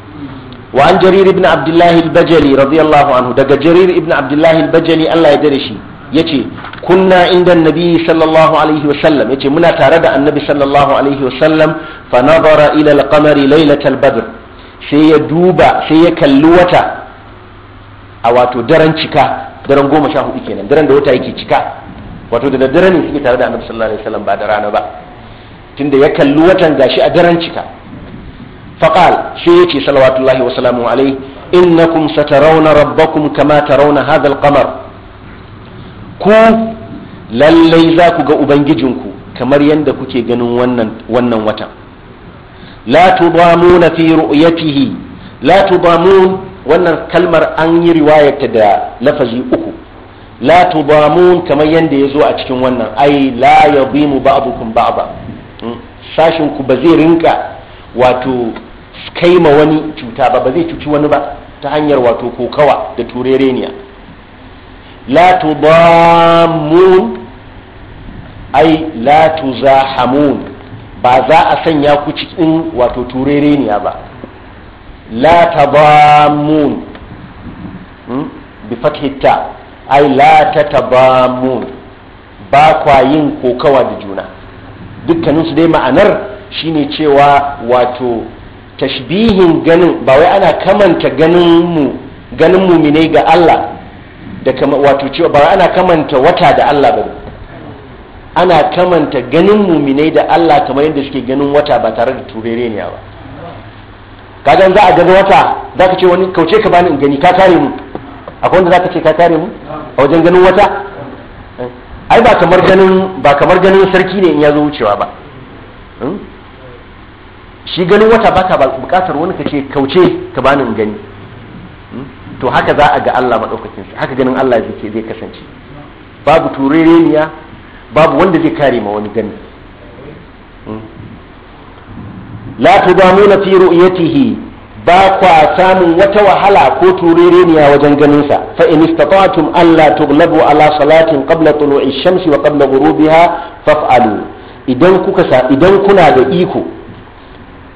Speaker 1: wa an jarir ibn abdullahi bajali radiyallahu anhu daga jarir ibn abdullahi bajali Allah ya dare shi yace kunna inda nabi sallallahu alaihi wasallam yace muna tare da annabi sallallahu alaihi wasallam fa nazara ila al-qamari laylatal badr sai ya duba sai ya kalli wata a wato daren cika daren goma sha hudu kenan daren da wata yake cika wato da daddare ne suke tare da annabi sallallahu alaihi wasallam ba da rana ba tunda ya kalli watan gashi a daren cika فقال شيخي صلوات الله وسلامه عليه إنكم سترون ربكم كما ترون هذا القمر كو للي ذاكو ذاك أبنججنكو كمر يندك تيغن ونن ونن وطا لا تضامون في رؤيته لا تضامون ونن كلمر أني رواية riwayarta لفزي أكو لا تضامون كما يندي يزوء ya ونن أي لا يضيم بعضكم بعضا ساشنكو ba'dukum ba'da wato kaima wani cuta ba ba zai cuci wani ba ta hanyar wato kokawa da turereniya la damun ai la zahamun ba za a sanya ku cikin wato turereniya ba la damun hmm, bi fathita ai la ba kwa kokawa da juna dukkaninsu dai ma'anar shine cewa wato tashbihin ganin ba wai ana kamanta ganin mu ganin mumine ga Allah da kama wato cewa ba ana kamanta wata da Allah ba ana kamanta ganin mumine da Allah kamar yadda suke ganin wata ba tare da turereniya ba kaga za a gani wata zaka ce wani kauce ka bani in gani ka kare mu akwai wanda zaka ce ka kare mu
Speaker 2: a wajen ganin wata
Speaker 1: eh. ai ba kamar ganin ba kamar ganin sarki ne in ya zo wucewa ba hmm? shi ganin wata baka ta bukatar wani kace kauce ka bani in gani hmm? to haka za a ga Allah madaukakin shi haka ganin Allah zai zai kasance babu turereniya babu wanda zai kare ma wani gani hmm? la tudamuna fi ru'yatihi ba kwa samun wata wahala ko turereniya wajen ganin sa fa in istata'tum alla tughlabu ala salatin qabla tulu'i shamsi wa qabla ghurubiha faf'alu idan kuka idan kuna da iko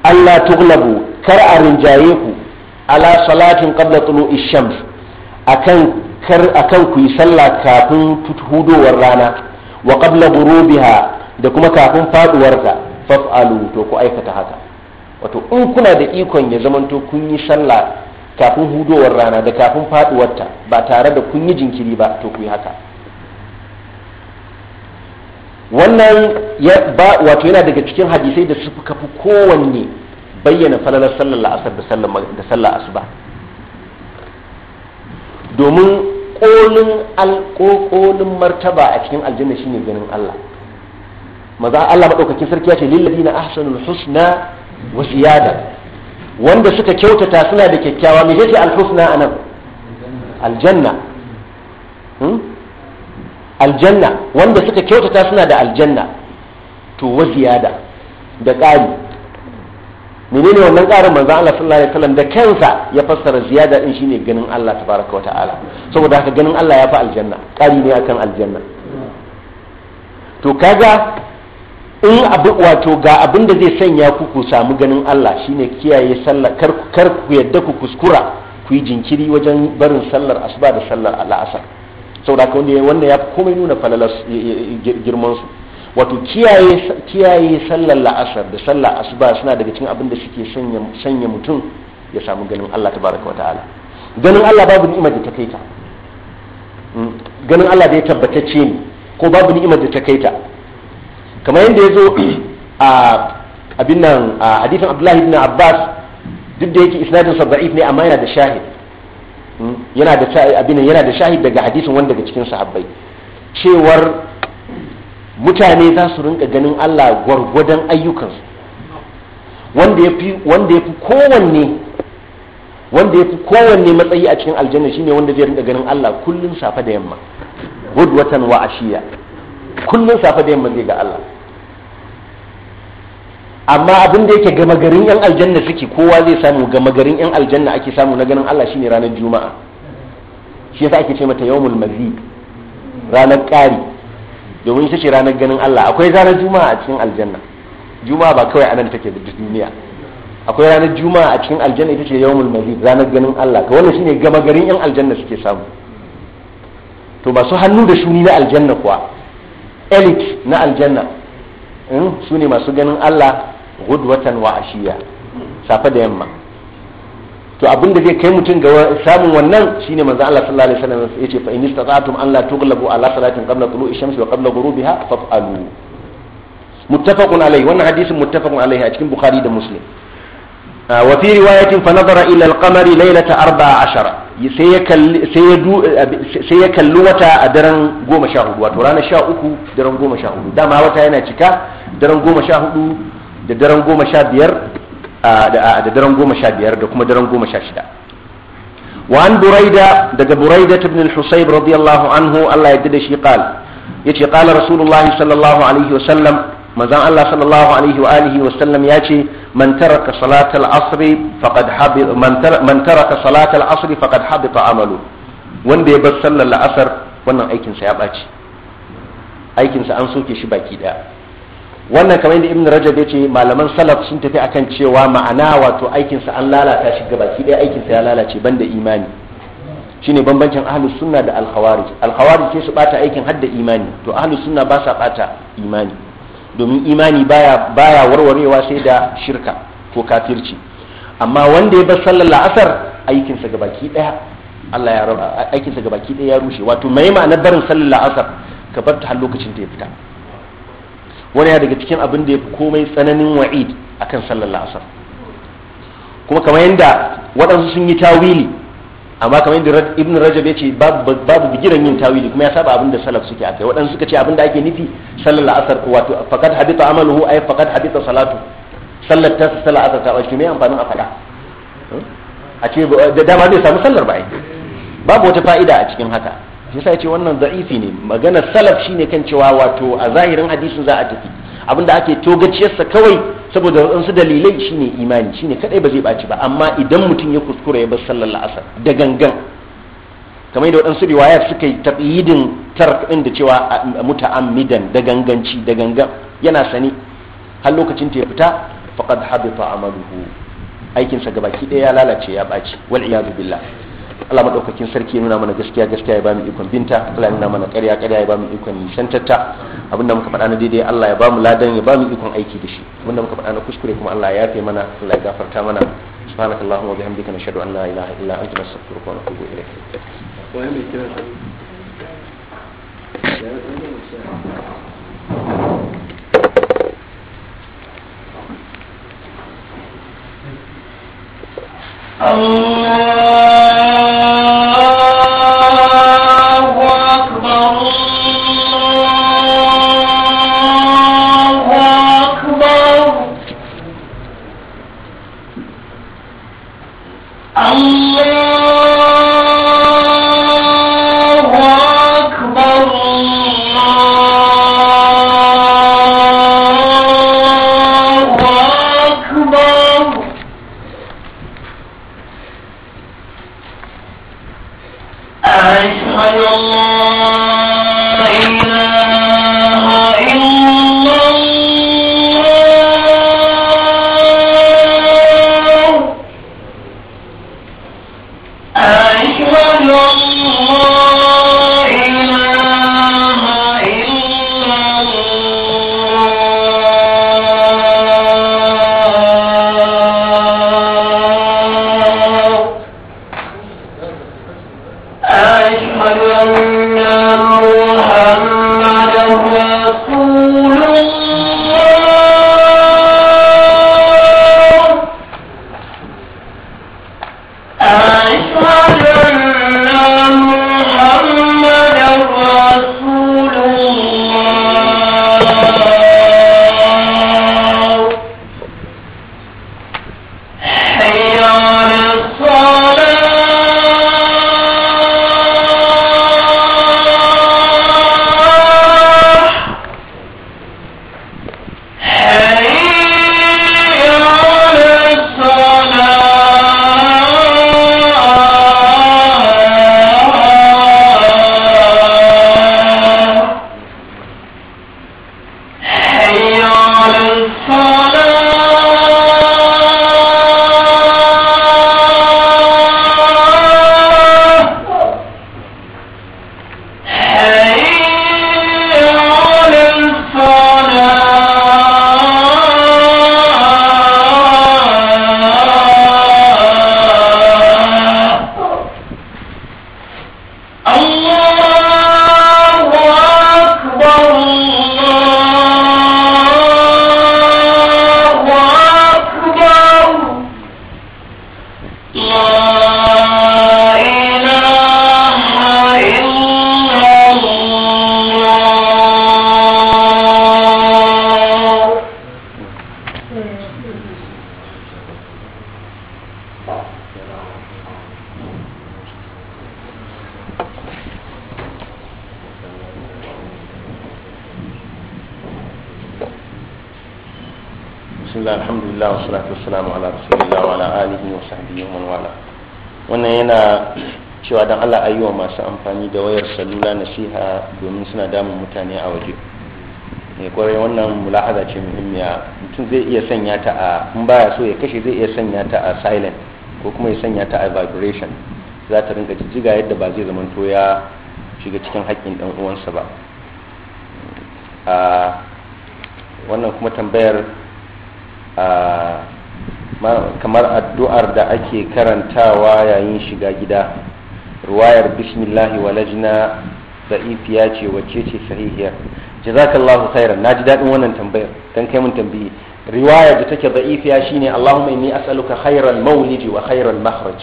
Speaker 1: Allah tughlabu kar a rinjaye ku ala salatin qabla tulu'i shams akan kar akan ku yi sallah kafin hudowar rana wa qabla ghurubiha da kuma kafin ta faf'alu to ku aikata haka wato in kuna da ikon ya zamanto kun yi sallah kafin hudowar rana da kafin ta ba tare da kun yi jinkiri ba to ku yi haka wannan ya ba wato yana daga cikin hadisai da suka fi kowanne bayyana falalar sallar asar da sallar asuba domin kolin alƙoƙolin martaba a cikin aljanna shine ganin Allah maza Allah Maɗaukakin sarki ya ce lillazina ahsanul husna wa ziyada wanda suka kyautata suna da kyakkyawa me yake alhusna anan aljanna hmm? aljanna wanda suka kyautata suna da aljanna to wa ziyada da ƙari menene wannan ƙarin manzon Allah sallallahu alaihi wasallam da kansa ya fassara ziyada din shine ganin Allah tabaraka wa ta'ala saboda haka ganin Allah ya fi aljanna ƙari ne akan aljanna to kaga in abu wato ga abin da zai sanya ku ku samu ganin Allah shine kiyaye sallar kar ku yadda ku kuskura ku yi jinkiri wajen barin sallar asuba da sallar al'asar saboda haka wanda wannan ya komai nuna falalar girman su wato kiyaye kiyaye sallar la'asar da sallar asuba suna daga cikin abin da suke sanya sanya mutum ya samu ganin Allah tabaraka wa ta'ala ganin Allah babu ni'ima da ta ta hmm. ganin Allah da ya tabbatacce ne ko babu ni'ima da ta ta kamar yadda ya zo a abin nan a hadisin Abdullahi ibn Abbas duk da yake isnadin sa da'if ne amma yana da shahid yana da abin yana da shahid daga hadisin wanda daga cikin sahabbai cewar mutane za su rinka ganin Allah gwargwadon ayyukansu wanda yafi wanda yafi kowanne
Speaker 2: wanda yafi kowanne
Speaker 1: matsayi a cikin aljanna shine wanda zai rinka ganin Allah kullun safa da yamma gudwatan wa ashiya kullun safa da yamma zai ga Allah amma abin da yake gama garin yan aljanna suke kowa zai samu gama garin yan aljanna ake samu na ganin Allah shine ranar juma'a shi yasa ake ce mata yawmul mazi ranar ƙari domin ita ce ranar ganin Allah akwai ranar juma'a a cikin aljanna juma'a ba kawai anan take da duniya akwai ranar juma'a a cikin aljanna ita ce yawmul mazi ranar ganin Allah to wannan shine gama garin yan aljanna suke samu to masu hannu da shuni na aljanna kuwa elite na aljanna su ne masu ganin Allah gudwatan wa ashiya safa da yamma to abin da zai kai mutum ga samun wannan shine manzo Allah sallallahu alaihi wasallam yace fa in istata'tum an la tughlabu ala salatin qabla tulu'i shamsi wa qabla ghurubiha fa'alu muttafaqun alaihi wannan hadisin muttafaqun alaihi a cikin bukhari da muslim ah, wa fi riwayatin fa nadara ila al-qamari laylata 14 sai ya kalli sai ya kalli wata a daren 14 wato ranar 13 daren 14 dama wata yana cika daren goma sha hudu da daren goma sha biyar da daren goma sha biyar da kuma daren goma sha shida وعن بريدة دق بريدة بن الحصيب رضي الله عنه الله يدد شي قال يتي قال رسول الله صلى الله عليه وسلم مزان الله صلى الله عليه وآله وسلم ياتي من ترك صلاة العصر فقد حبط من, تر من ترك صلاة العصر فقد حبط عمله وان دي بس صلى العصر وانا ايكن سياباتي aikinsa an soke shi baki daya wannan kamar yadda ibn rajab ya ce malaman salaf sun tafi akan cewa ma'ana wato aikinsa an lalata shi gabaki ɗaya aikinsa ya lalace banda imani shine bambancin ahlus sunna da alkhawarij alkhawarij sai su bata aikin hadda imani to ahlus sunna ba sa bata imani domin imani baya baya warwarewa sai da shirka ko kafirci amma wanda ya bar sallar la'asar aikinsa gabaki ɗaya Allah ya raba aikinsa gabaki ɗaya ya rushe wato mai ma'anar barin sallar la'asar ka bar ta har lokacin da ya fita wani ya daga cikin abin da ya fi komai tsananin wa'id akan sallar la'asar kuma kamar yadda waɗansu sun yi tawili amma kamar yadda ibn rajab ya ce babu bigiran yin tawili kuma ya saba abin da salaf suke akai waɗansu suka ce abin da ake nufi sallar la'asar wato fakat habita amaluhu ai fakat habita salatu sallar ta sallar asar ta bashi me amfanin a faɗa hmm? a ce da dama bai samu sallar ba ai babu wata fa'ida a cikin haka shi sai ce wannan za'ifi ne maganar salaf shine kan cewa wato a zahirin hadisin za a tafi abinda ake togaciyarsa kawai saboda su dalilai shine imani shine kadai ba zai baci ba amma idan mutum ya kuskura ya bar sallar la'asar da gangan kamar yadda waɗansu riwaya suka yi tar tarkin da cewa muta'ammidan da ganganci da gangan yana sani har lokacin ta ya fita faqad habita amaluhu sa gabaki daya ya lalace ya baci wal iyadu billah Allah madaukakin sarki nuna mana gaskiya gaskiya ya bamu ikon binta Allah ya nuna mana ƙarya ƙarya ya bamu ikon nishantatta abinda muka faɗa na daidai Allah ya bamu ladan ya bamu ikon aiki da shi abinda muka faɗa na kuskure kuma Allah ya yafe mana Allah ya gafarta mana subhanakallahumma wa bihamdika nashhadu an la ilaha illa anta nastaghfiruka wa natubu ilayk wani Allah amfani da wayar salula nasiha domin suna damun mutane a waje ne eh, kwarai wannan mula'aza ce muhimmiya mutum zai iya sanya ta a in baya so ya kashe zai iya sanya ta a silent ko kuma ya sanya ta a vibration za ta rinka jijjiga yadda ba zai zama to ya shiga cikin haƙƙin ɗan uwansa ba a wannan kuma tambayar a kamar addu'ar da ake karantawa yayin shiga gida ruwayar bismillahi walajna da'ifiya ce wacce ce sahihiyar jazakallahu khairan wannan tambayar dan kai mun tambayi riwaya da take da'ifiya shine allahumma inni as'aluka khairal mawlidi wa khairal makhraj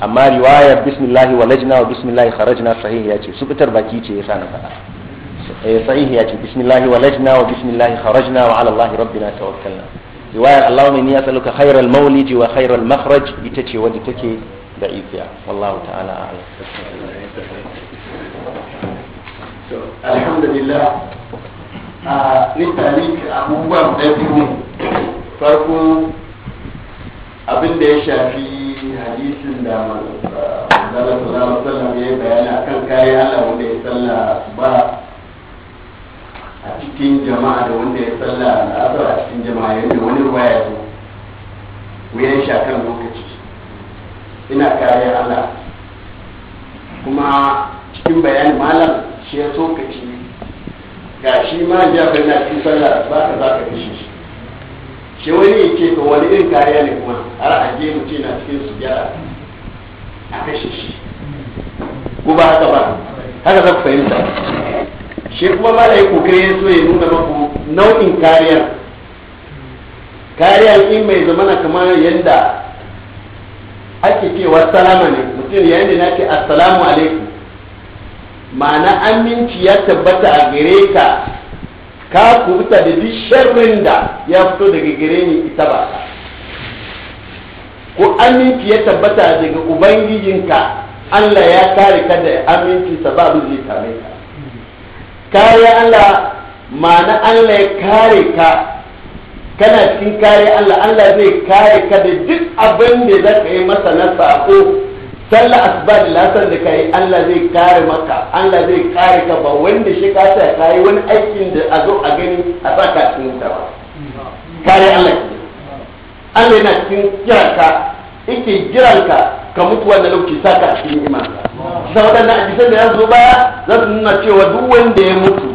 Speaker 1: amma riwayar bismillahi walajna wa bismillahi kharajna ce su fitar baki ce yasa na faɗa eh, sahihiya ce bismillahi walajna wa bismillahi kharajna wa ala allahi rabbina tawakkalna riwayar allahumma inni as'aluka khairal mawlidi wa khairal makhraj ita ce wadda take da'ifiya wallahu ta'ala a'lam to alhamdulillah
Speaker 2: a ni abubuwa ne
Speaker 1: farko abin da ya shafi hadisin da sallallahu alaihi ya bayani akan Allah wanda ya salla ba a cikin jama'a da wanda ya salla a cikin jama'a yadda wani ya zo wuyan shakan lokaci ina kare Allah kuma cikin bayanin malam shi ya so ka ci ga shi ma jafar na cikin sallah ba ka za ka kashe shi shi wani ya ce ka wani irin kariya ne kuma har a je mutum na cikin su gyara a kashe shi ko ba haka ba haka za ku fahimta shi kuma da ya kokari ya so ya nuna maku nau'in kariya kariya in mai zamana kamar yadda ake cewa salama ne mutum yayin da nake assalamu alaikum ma'ana aminci ya tabbata a gare ka ka kubuta da duk sharrin da ya fito daga gare ni ita ba ko aminci ya tabbata daga ubangijinka Allah ya kare ka da aminci sababu zai same ka kare Allah ma'ana Allah ya kare ka kana cikin kare Allah Allah zai kare ka da duk abin da za ka yi masa na sako sallar asuba da lasar da kai Allah zai kare maka Allah zai kare ka ba wanda shi ka sa kai wani aikin da a zo a gani a saka cikin ta ba kare Allah Allah yana cikin kiranka yake jiranka ka mutu wannan lokaci saka cikin iman sai wadannan hadisan da ya zo baya za su nuna cewa duk wanda ya mutu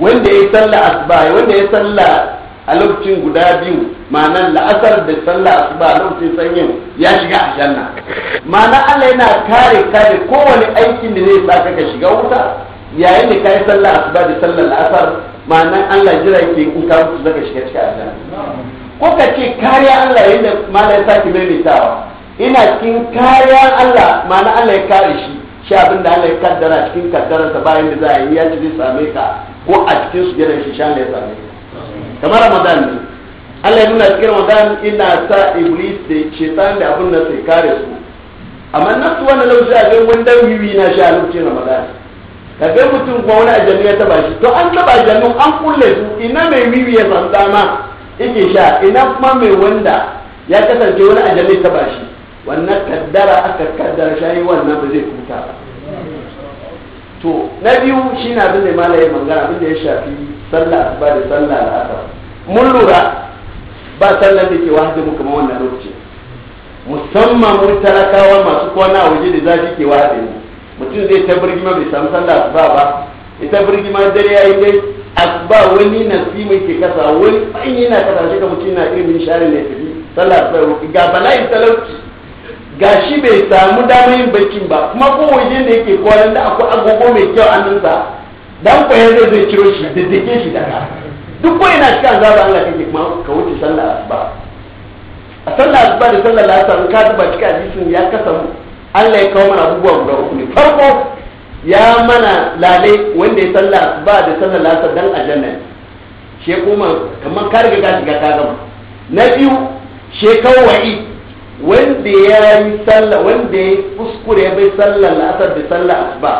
Speaker 1: wanda ya sallah asuba wanda ya sallah a lokacin guda biyu ma'anar la'asar da sallah asuba a lokacin sanyin ya shiga aljanna Ma'anar Allah yana kare kare kowane aikin da zai sa ka shiga wuta yayin da kai sallah asuba da sallar la'asar ma'anar Allah jira yake in ka mutu zaka shiga cikin aljanna ko ka ce kariya Allah yadda malai saki maimaitawa ina cikin kariya Allah ma'anar Allah ya kare shi shi abin da Allah ya kaddara cikin kaddararsa bayan da za a yi ya ci zai same ka ko a cikin su gidan shi shan ya same ka kamar ramadan ne Allah ya nuna cikin ramadan ina sa iblis da shaitan da abin da sai kare su amma na su wannan lokaci a ga dan yiwu na sha lokacin ramadan ka ga mutum ko wani ajami ya taba shi to an taba ajami an kulle su ina mai wiwi ya san dama yake sha ina kuma mai wanda ya kasance wani ajami taba shi wannan kaddara aka kaddara shayi wannan ba zai kuta ba to na biyu shi na abin da malaye mangana abin da ya shafi sallah ba da sallah asar mun lura ba sallah da ke wahajin mu kuma wannan lokaci musamman mun talakawa masu kwana a waje da zafi ke wahajin mu mutum zai ta birgima bai samu sallah asuba ba ita birgima dare ya yi dai asuba wani nasi mai ke kasa wani bayan yana kasa shi ka mutum na ilimin share ne tafi sallah asuba ga bala'in talauci shi bai samu damar yin bakin ba kuma ko waje da yake kwanan da akwai agogo mai kyau a nan sa dan ko yanzu zai ciro shi take shi da ka duk ko yana cikin azaba Allah ke kuma ka wuce sallah asuba a sallah asuba da sallar lasar ka duba cikin hadisin ya kasamu Allah ya kawo mana abubuwa guda uku ne farko ya mana lale wanda ya sallah asuba da sallar lasar dan aljanna she kuma kamar ka riga ka shiga ka gama na biyu she kawai wanda ya yi sallah wanda ya kuskure ya bai sallah la'asar da sallah asuba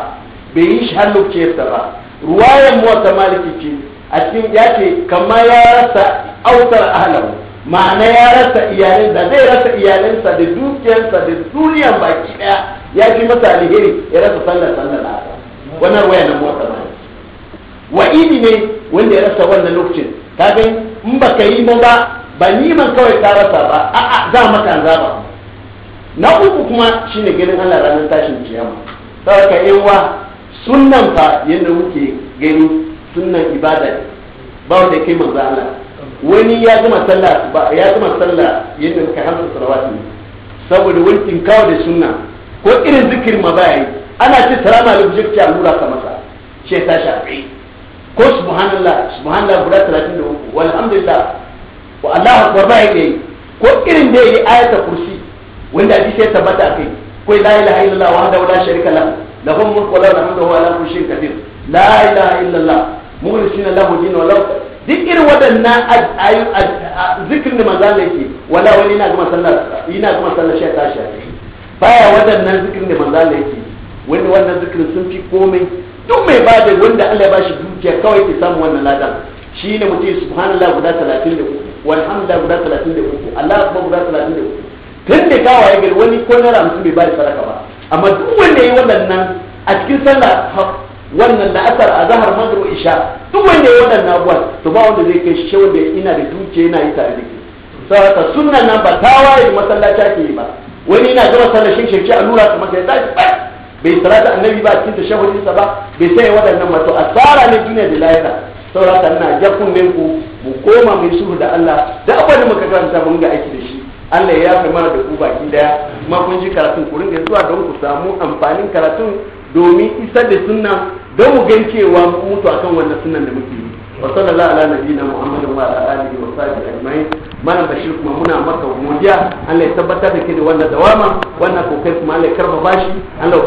Speaker 1: bai yi shi har lokacin ya ba ruwayan mota maliki ce a cikin ya ce kamar ya rasa autar ahlahu ma'ana ya rasa iyalinsa zai rasa iyalinsa da dukiyarsa da duniyan baki daya ya masa alheri ya rasa sallar sallar asa wannan ruwaya na muwatta maliki wa'idi ne wanda ya rasa wannan lokacin ka ga in baka yi ba ba niman kawai ta rasa ba a'a za maka ba na uku kuma shine ganin Allah ranar tashin kiyama saboda yi wa sunnan fa yadda muke gani sunnan ibada ne ba wanda kai manzo Allah wani ya gama sallah ya gama sallah yadda muka hamsa salawati ne saboda wani kawo da sunna ko irin zikirin ma baya yi ana ce salama da sai ka allura ka masa ce ta shafi ko subhanallah subhanallah guda 33 walhamdulillah wa Allah ko baya yi ko irin da yayi ayatul kursi wanda hadisi ya tabbata kai ko la ilaha illallah wahdahu la sharika lahu لهم ملك ولا lahum hamdu على كل شيء قدير لا اله الا الله mukhlisina lahu din wa ذكر ودنا irin waɗannan zikirin da manzo Allah yake wala wani yana kuma sallar yana kuma sallar shi tashi baya waɗannan zikirin da manzo Allah yake komai duk mai ba da wanda Allah ya bashi dukiya kawai ke samu wannan ladan shine mutum subhanallah guda 33 walhamdulillah guda 33 Allah akbar guda 33 tun da kawai gari wani ko na mutum bai ba da sadaka ba amma duk wanda ya yi waɗannan a cikin sallah wannan da asar a zahar maghrib isha duk wanda ya waɗannan abubuwan to ba wanda zai kai shi wanda ina da duke yana yi tare da saboda sunnan nan ba ta waye masallaci ke yi ba wani yana gama sallar shi shi a lura kamar da ya tashi ba bai salata annabi ba cikin tashahudin sa ba bai sai waɗannan mato tsara ne duniya da lahira saboda haka ina jakun ku mu koma mai sulhu da Allah da abin da muka karanta mun ga aiki da shi Allah ya fi mana da ku baki daya kuma kun ji karatun ku rinka zuwa don ku samu amfanin karatun domin isa da sunna don mu gan cewa mutu akan wannan sunnan da muke yi wa sallallahu ala nabiyina muhammadin wa ala alihi wa sahbihi ajma'in malam bashir kuma muna maka godiya Allah ya tabbatar da ke da wannan dawama wannan kokai kuma Allah ya karba bashi Allah